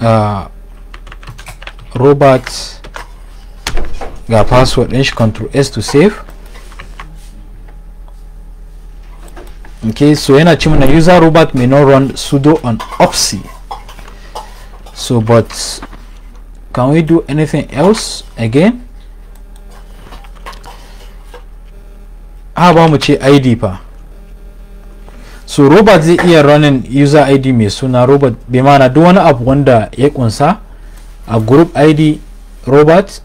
uh, robert ga password din control s to save okay so yana ce mana user robot may not run sudo on opsi so but can we do anything else again how ba mu ce id fa so robot zai iya running user id mai suna robot bai mana duk wani abu wanda ya kunsa a group id robot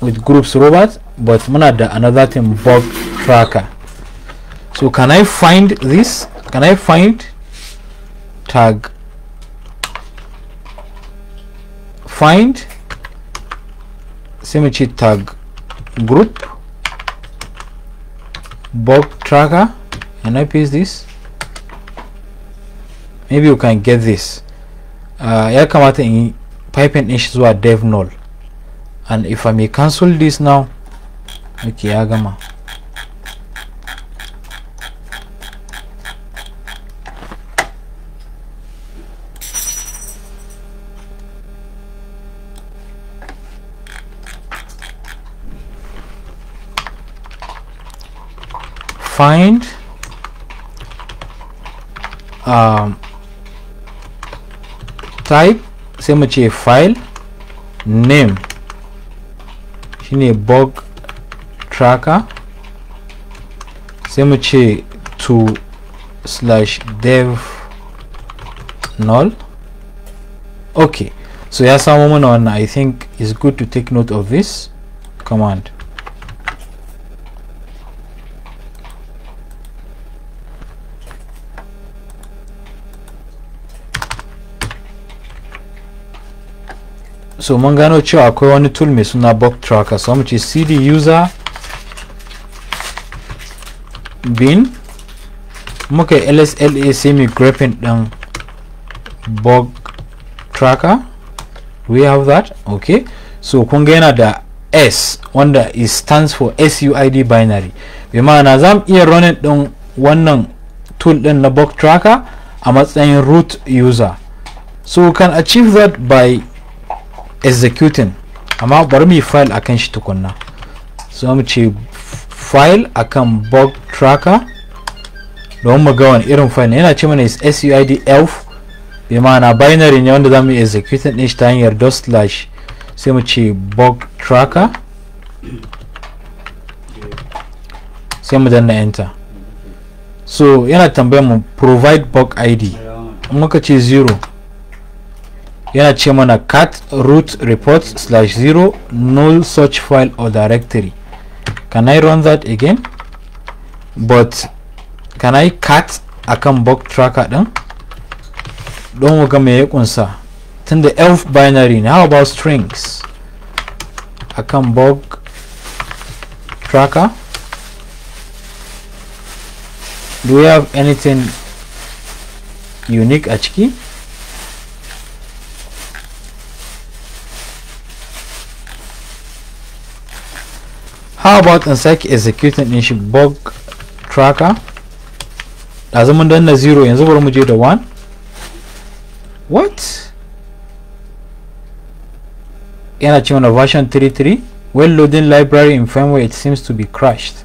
with groups robot but muna da another thing bug tracker so can i find this can i find tag find symmetry tag group bulk tracker and I paste this maybe you can get this uh, ya kamata in pipe and issues zuwa dev null and if I may cancel this now okay ya gama find um, type sai mu ce file name shine bug tracker sai mu ce to slash dev null okay so ya samo mana wannan i think is good to take note of this command so mun gano cewa akwai wani tool mai suna bug tracker so mu ce cd user bin muka yi lsla semi mai din bug tracker we have that okay so kun ga yana da s wanda it stands for suid binary bi ma'ana za mu iya running din wannan tool din na bug tracker a matsayin root user so we can achieve that by executing amma bari mu yi file akan shi tukunna so mu ce file akan bug tracker don mu ga wani irin file yana ce mana is suid elf bai ma'ana binary ne wanda zamu yi executing din shi ta hanyar dot slash sai mu ce bug tracker sai mu danna enter so yana tambayar mu provide bug id in muka ce zero. yana ce mana cat root report slash zero null search file or directory can i run that again but can i cat akan bug tracker din don mu ga me ya kunsa the elf binary ne how about strings akan bug tracker do we have anything unique a ciki how about in sake executing din shi bug tracker ɗazu mun danna 0 yanzu bari mu je da 1 what yana ce mana version 33 when loading library in firmware it seems to be crashed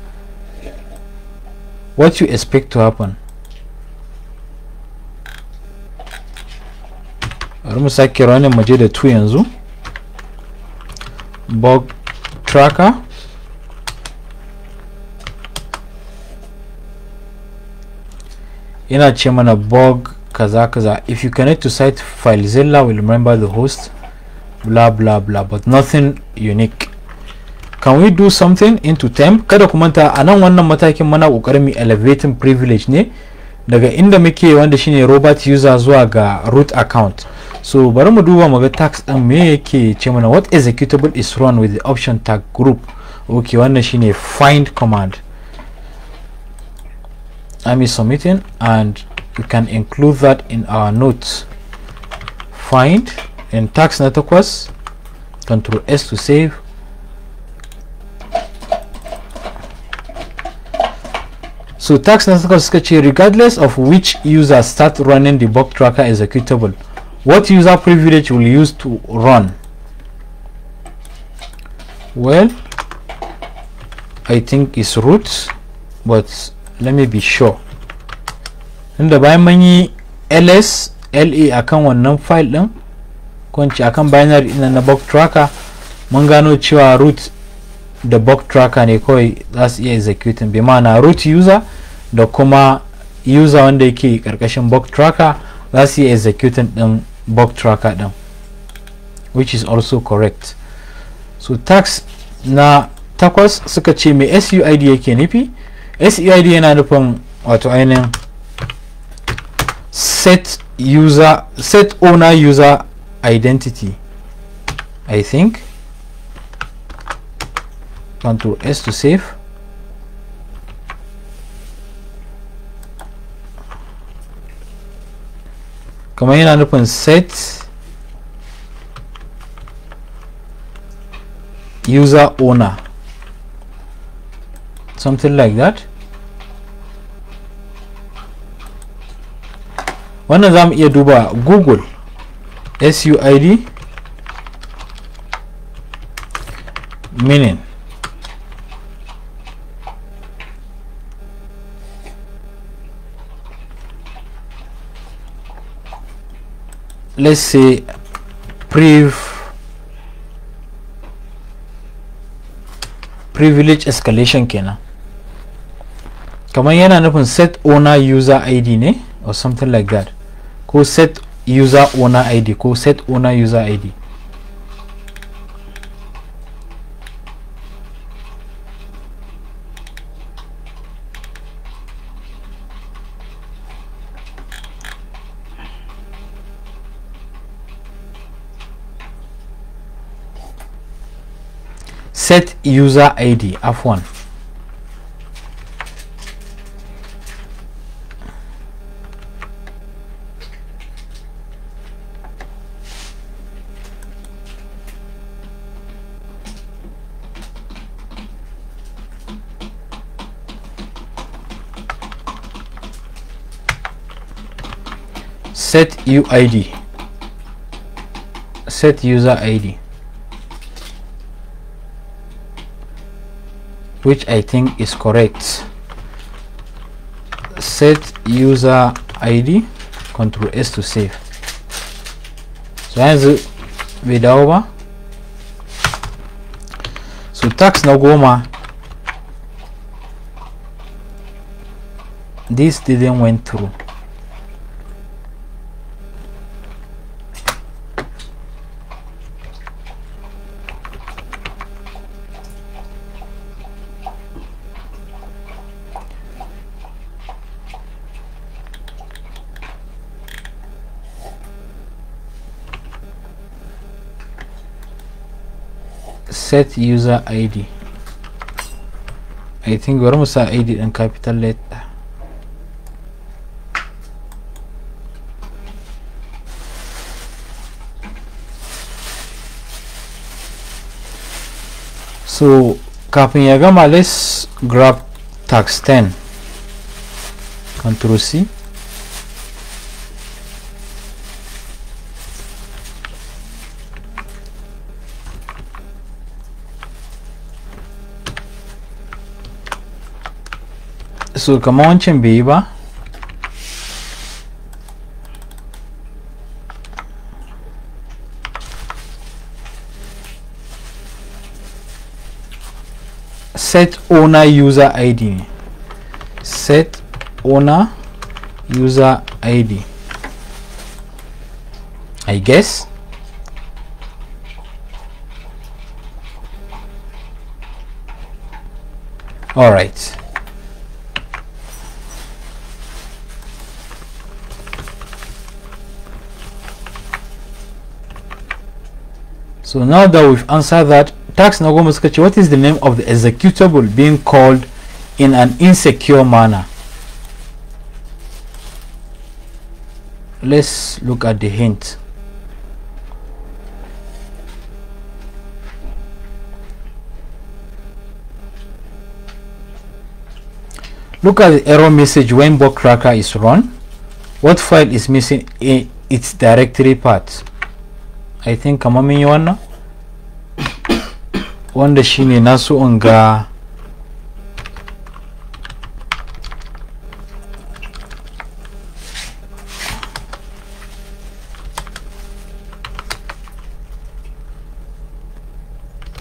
what you expect to happen bari mu sake running mu je da 2 yanzu bug tracker yana ce mana bug kaza kaza if you connect to site filezilla will remember the host blah blah blah but nothing unique can we do something into temp kada ku manta a nan wannan matakin mana kokarin mu elevating privilege ne daga inda muke wanda shine robot user zuwa ga root account so bari mu duba muga tax din me yake ce mana what executable is run with the option tag group okay wannan shine find command I'm submitting and we can include that in our notes find in tax network control s to save so tax network sketchy regardless of which user start running the bug tracker executable what user privilege will use to run well i think it's root but let me be sure inda bayan mun yi ls la akan wannan file din kwanci akan binary ina na bug tracker mun gano cewa root da bug tracker ne kawai za su iya executing bi ma'ana root user da kuma user wanda yake karkashin bug tracker za su iya executing din bug tracker din which is also correct so tax na takwas suka ce mai suid yake nufi SEID yana nufin wato ainihin set user set owner user identity I think control S to save kamar yana open set user owner something like that wannan za mu iya duba google suid meaning let's say priv privilege escalation kenan kamar yana nufin set owner user id ne or something like that ko set user owner id ko set owner user id set user id f1 set uid set user id which I think is correct set user id control s to save so as we dawo over, so tax na goma this didn't went through set user id i think we mu sa id in capital letter so kafin ya let's grab tax 10 control c su in biba set owner user id set owner user id i guess all right so now that we've answered that tax nagoma what is the name of the executable being called in an insecure manner let's look at the hint look at the error message when Bootcracker is run what file is missing in its directory path i think kamar mun yi wannan wanda shine na so in ga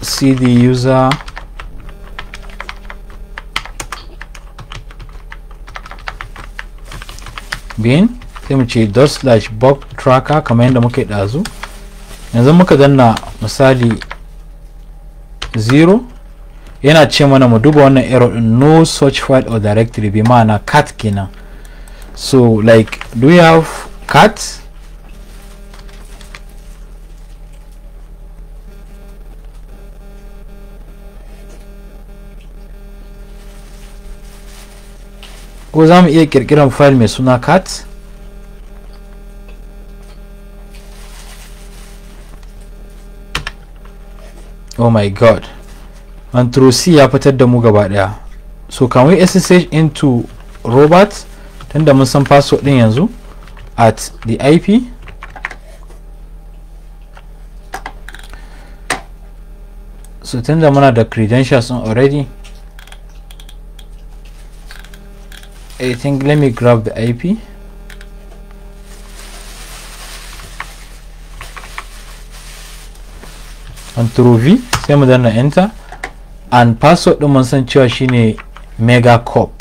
see the user bin sai mu ce dot slash bug tracker kamar yadda muka yi ɗazu yanzu muka danna misali 0 yana ce mana mu duba wannan error in no search file or directory bi ma'ana cat kenan so like do you have cat ko za mu iya kirkiran file mai suna cat oh my god and c ya fitar da mu gaba daya so can we ssh into robot tunda mun san password din yanzu at the ip so tunda muna da credentials on already i think let me grab the ip on v sai mu danna enter and password din mun san cewa shine mega cop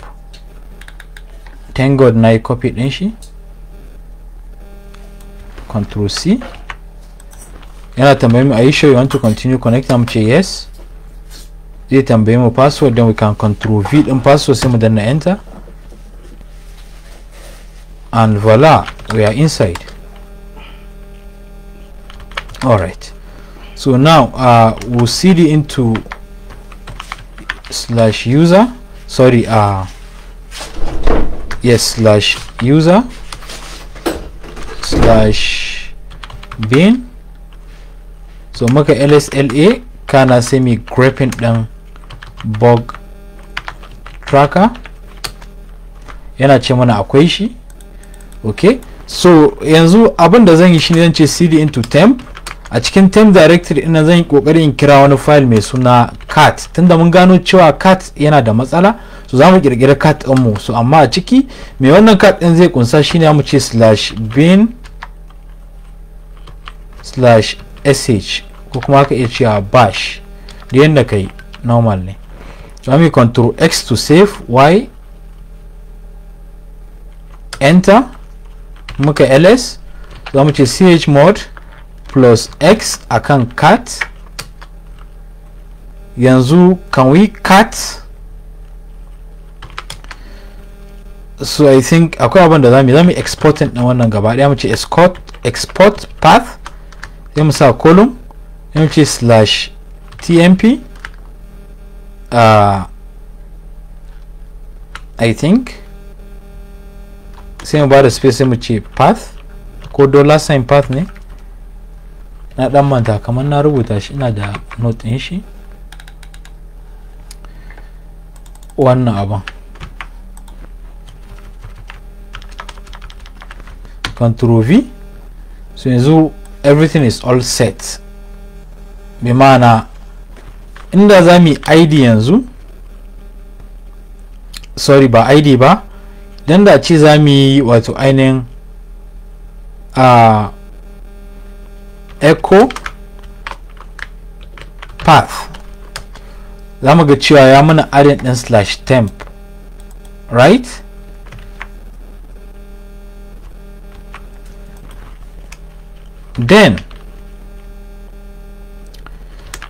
thank god na yi copy din shi control c yana tambayi mu are you sure you want to continue connect mu ce yes zai tambayi mu password then we can control v din password sai mu danna enter and voila we are inside alright so now uh, we'll cd into slash user sorry uh yes slash user slash bin so maka lsla kana sai mai grepin bug tracker yana ce mana akwai shi okay so yanzu abin da zan yi shi ne zan ce cd into temp a cikin time directory ina zan yi kokari in kira wani file mai suna cat tunda mun gano cewa cat yana da matsala so za mu kirkiri cat din mu so amma a ciki mai wannan cat din zai kunsa shine mu ce slash bin slash sh ko kuma ka iya cewa bash da yadda kai normal ne so mu control x to save y enter muka ls za mu ce chmod plus x akan cat yanzu can we cut so i think akwai abin da zamu zamu export din wannan gaba daya mu ce export export path sai mu sa column mu ce slash tmp uh, ah, i think sai mu ba da space sai mu ce path ko dollar sign path ne na dan manta kamar na rubuta shi ina da note din shi wannan abin control v so yanzu everything is all set bi mana inda za mu id yanzu sorry ba id ba idan da ce za mu yi wato ainihin a ah, echo path za mu ga cewa ya mana din slash temp right then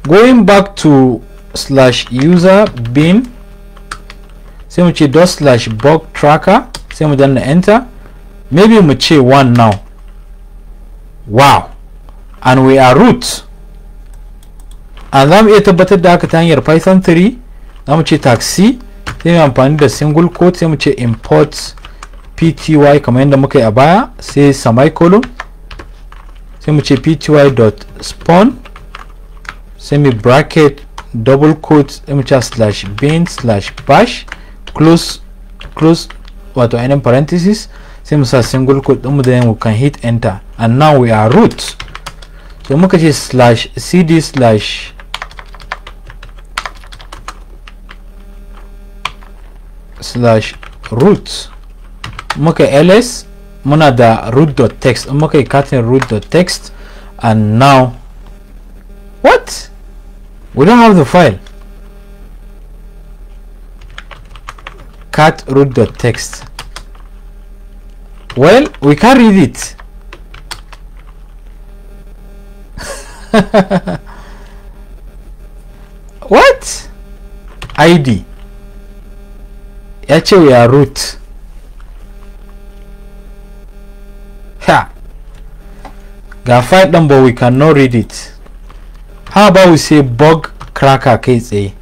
going back to slash user bin sai mu ce dot slash bug tracker sai mu danna enter maybe mu ce one now wow and we are root and zamu iya tabbatar da haka ta hanyar python 3 zamu ce taxi sai mu amfani da single quote sai mu ce import pty kamar yadda muka yi a baya sai semicolon sai mu ce pty.spawn sai bracket double quote sai mu ce slash bin slash bash close close wato ainihin parenthesis sai mu sa single quote mu da we can hit enter and now we are root So mokaji slash cd slash slash root muka ls muna da root.txt in muka root dot text. and now what we don't have the file Cut root dot text. well we can read it what id Actually, ce we are root ha ga file number but we cannot read it how about we say bug cracker kai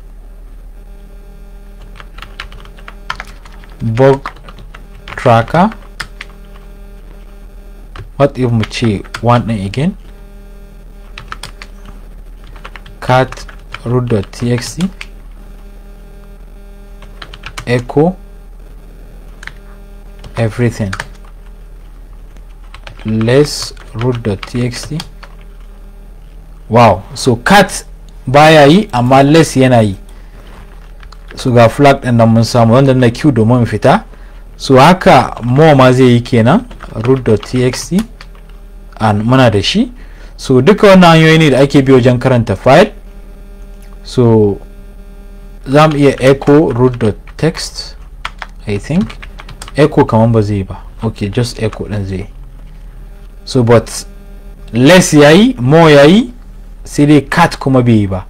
bug tracker what if we ce one again cat root.txt echo everything less root.txt wow so cat baya yi amma less yana yi so ga flag din nan mun samu wanda na q domin fita so haka more ma zai yi kenan root.txt and muna da shi so duka wannan hanyoyi ne da ake bi wajen karanta file so zam iya echo root dot text i think echo kaman ba zai ba okay just echo din zai so but less yayi more yayi sai dai cat kuma bai ba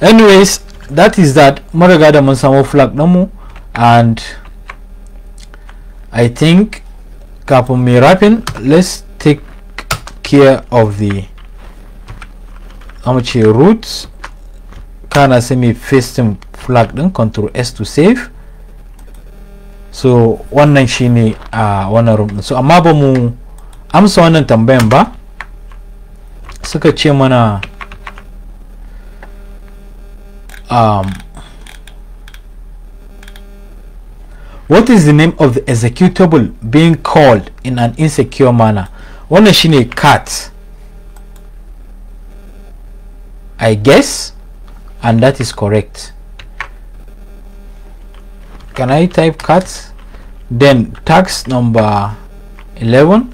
anyways that is that mun riga da mun samu flag mu and i think kafin mai rapin let's take care of the mu ce root kana me mai pasting flag din control s to save so wannan shine a uh, wannan room so amma ba mu amsa wannan tambayan ba suka ce mana um, what is the name of the executable being called in an insecure manner wannan shine cat I guess and that is correct can I type cut then tax number 11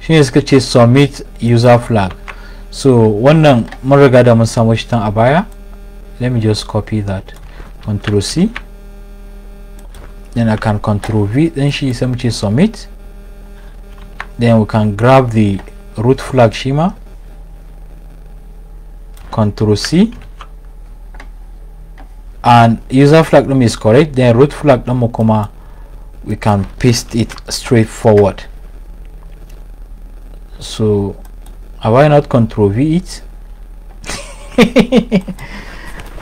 shine suka ce submit user flag so one more regard da mun abaya let me just copy that control c then I can control v then she is mu ce submit then we can grab the root flag shima Control C and user flag name is correct then root flag name comma we can paste it straightforward. so why not control V it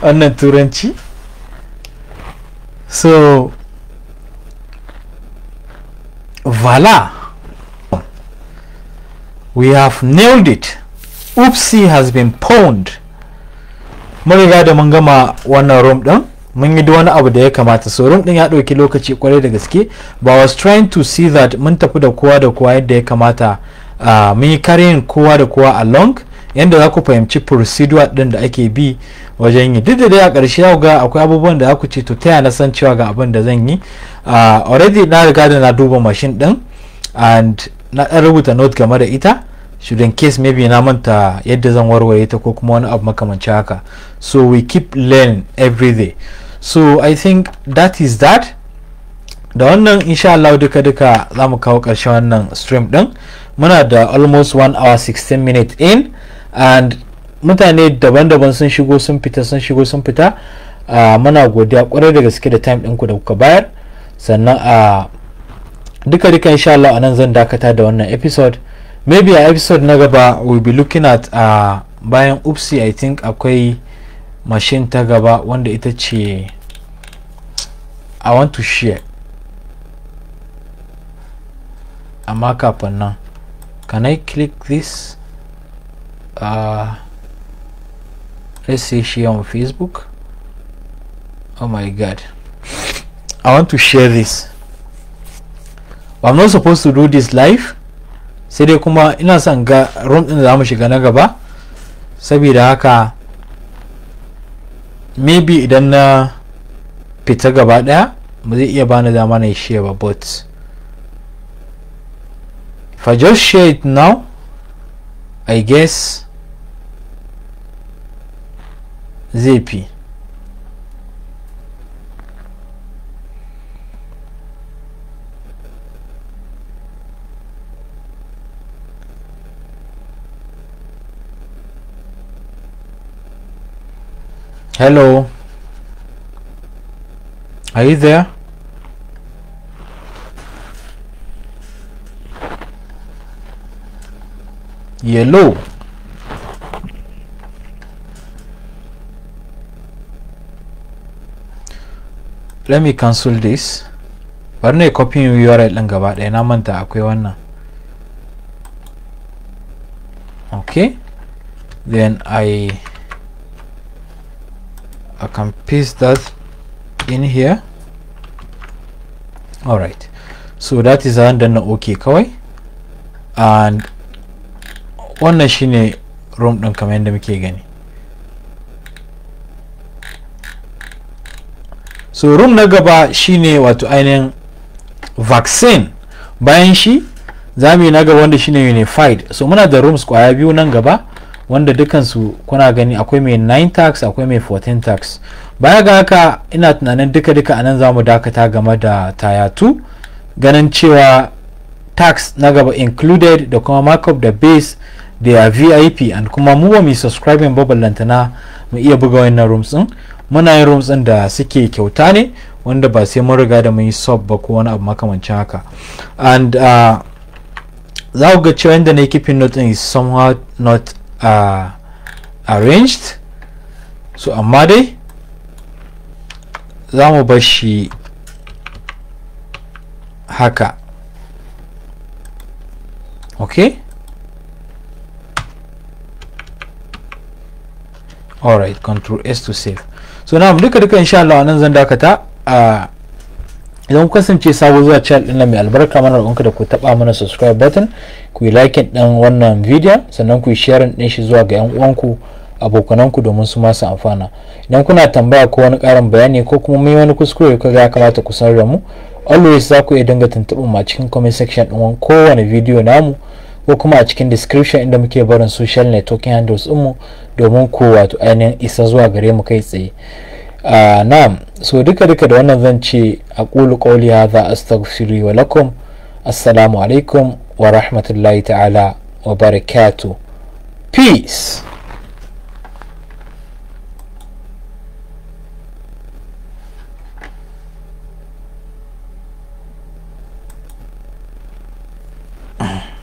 wannan so voila we have nailed it oopsie has been pwned mun riga da mun gama wannan room din mun yi wani abu da ya kamata so room din ya ɗauki lokaci kwarai da gaske ba was trying to see that mun tafi da kowa da kowa yadda ya kamata ah, mun yi carrying kowa da kowa along yadda za ku fahimci procedure din da ake bi wajen yi duk da dai a ƙarshe ya ga akwai abubuwan da za ku ce to taya na san cewa ga abin da zan yi ah, already na riga da na duba mashin din and na rubuta note game da ita shouldn't case maybe na manta yadda zan warware ta ko kuma wani abu makamanci haka so we keep learning every day so i think that is that da wannan insha Allah duka duka za mu kawo karshen wannan stream din muna da almost 1 hour 16 minutes in and mutane daban-daban sun shigo sun fita sun shigo sun fita uh, muna godiya kwarai da gaske da time ɗinku da kuka bayar sannan a uh, duka duka insha Allah anan zan dakata da wannan episode maybe a episode na gaba we'll be looking at uh, bayan upsi i think akwai machine ta gaba wanda ita ce i want to share amma kafin nan can i click this uh, let's say share on facebook oh my god i want to share this well, i'm not supposed to do this live sai dai kuma ina son ga room din da mu shiga na gaba saboda haka maybe idan na fita gaba daya ba zai iya bani dama na share ba but if I just share it now I guess zai fi Hello. Are you there? Yellow. Let me cancel this. Bari ne copying URL ɗin gaba ɗaya na manta akwai wannan. Okay. Then I I can paste that in here all right so that is under na ok kawai and wannan shine room din kamar yadda muke gani so room na gaba shine wato ainihin vaccine bayan shi za yi na gaba wanda shine unified so muna da rooms kwaya biyu nan gaba wanda dukansu kuna gani akwai mai 9 tax akwai mai 14 tax baya ga haka ina tunanin duka-duka a nan za mu dakata game da taya 2 ganin cewa tax na gaba included da kuma markup da base da ya vip and kuma mu ba mu subscribing ba lantana mu iya buga wannan rooms din muna yin rooms din da suke kyauta ne wanda ba sai mun riga da mun yi sub ba ko wani abu makamancin haka and uh, za ku ga cewa yadda na yi kifin note is somehow not uh, arranged so amma dai za mu bar shi haka okay alright control s to save so na duka duka insha Allah nan zan dakata a ah, idan ku kasance sabo zuwa channel din mai albarka mana roƙonka da ku taba mana subscribe button ku yi like din wannan video sannan ku yi share din shi zuwa ga yan uwanku ku domin su masu amfana idan kuna tambaya ko wani karin bayani ko kuma mai wani kuskure ko ga kamata ku san mu always za ku iya dinga tuntuɓin ma cikin comment section din kowane video namu ko kuma a cikin description inda muke barin social networking handles mu domin ku wato ainihin isa zuwa gare mu kai tsaye uh, na'am so duka duka da wannan zan ce a ƙulu ƙauli hadha astaghfiru wa lakum assalamu alaikum wa rahmatullahi ta'ala wa barakatu peace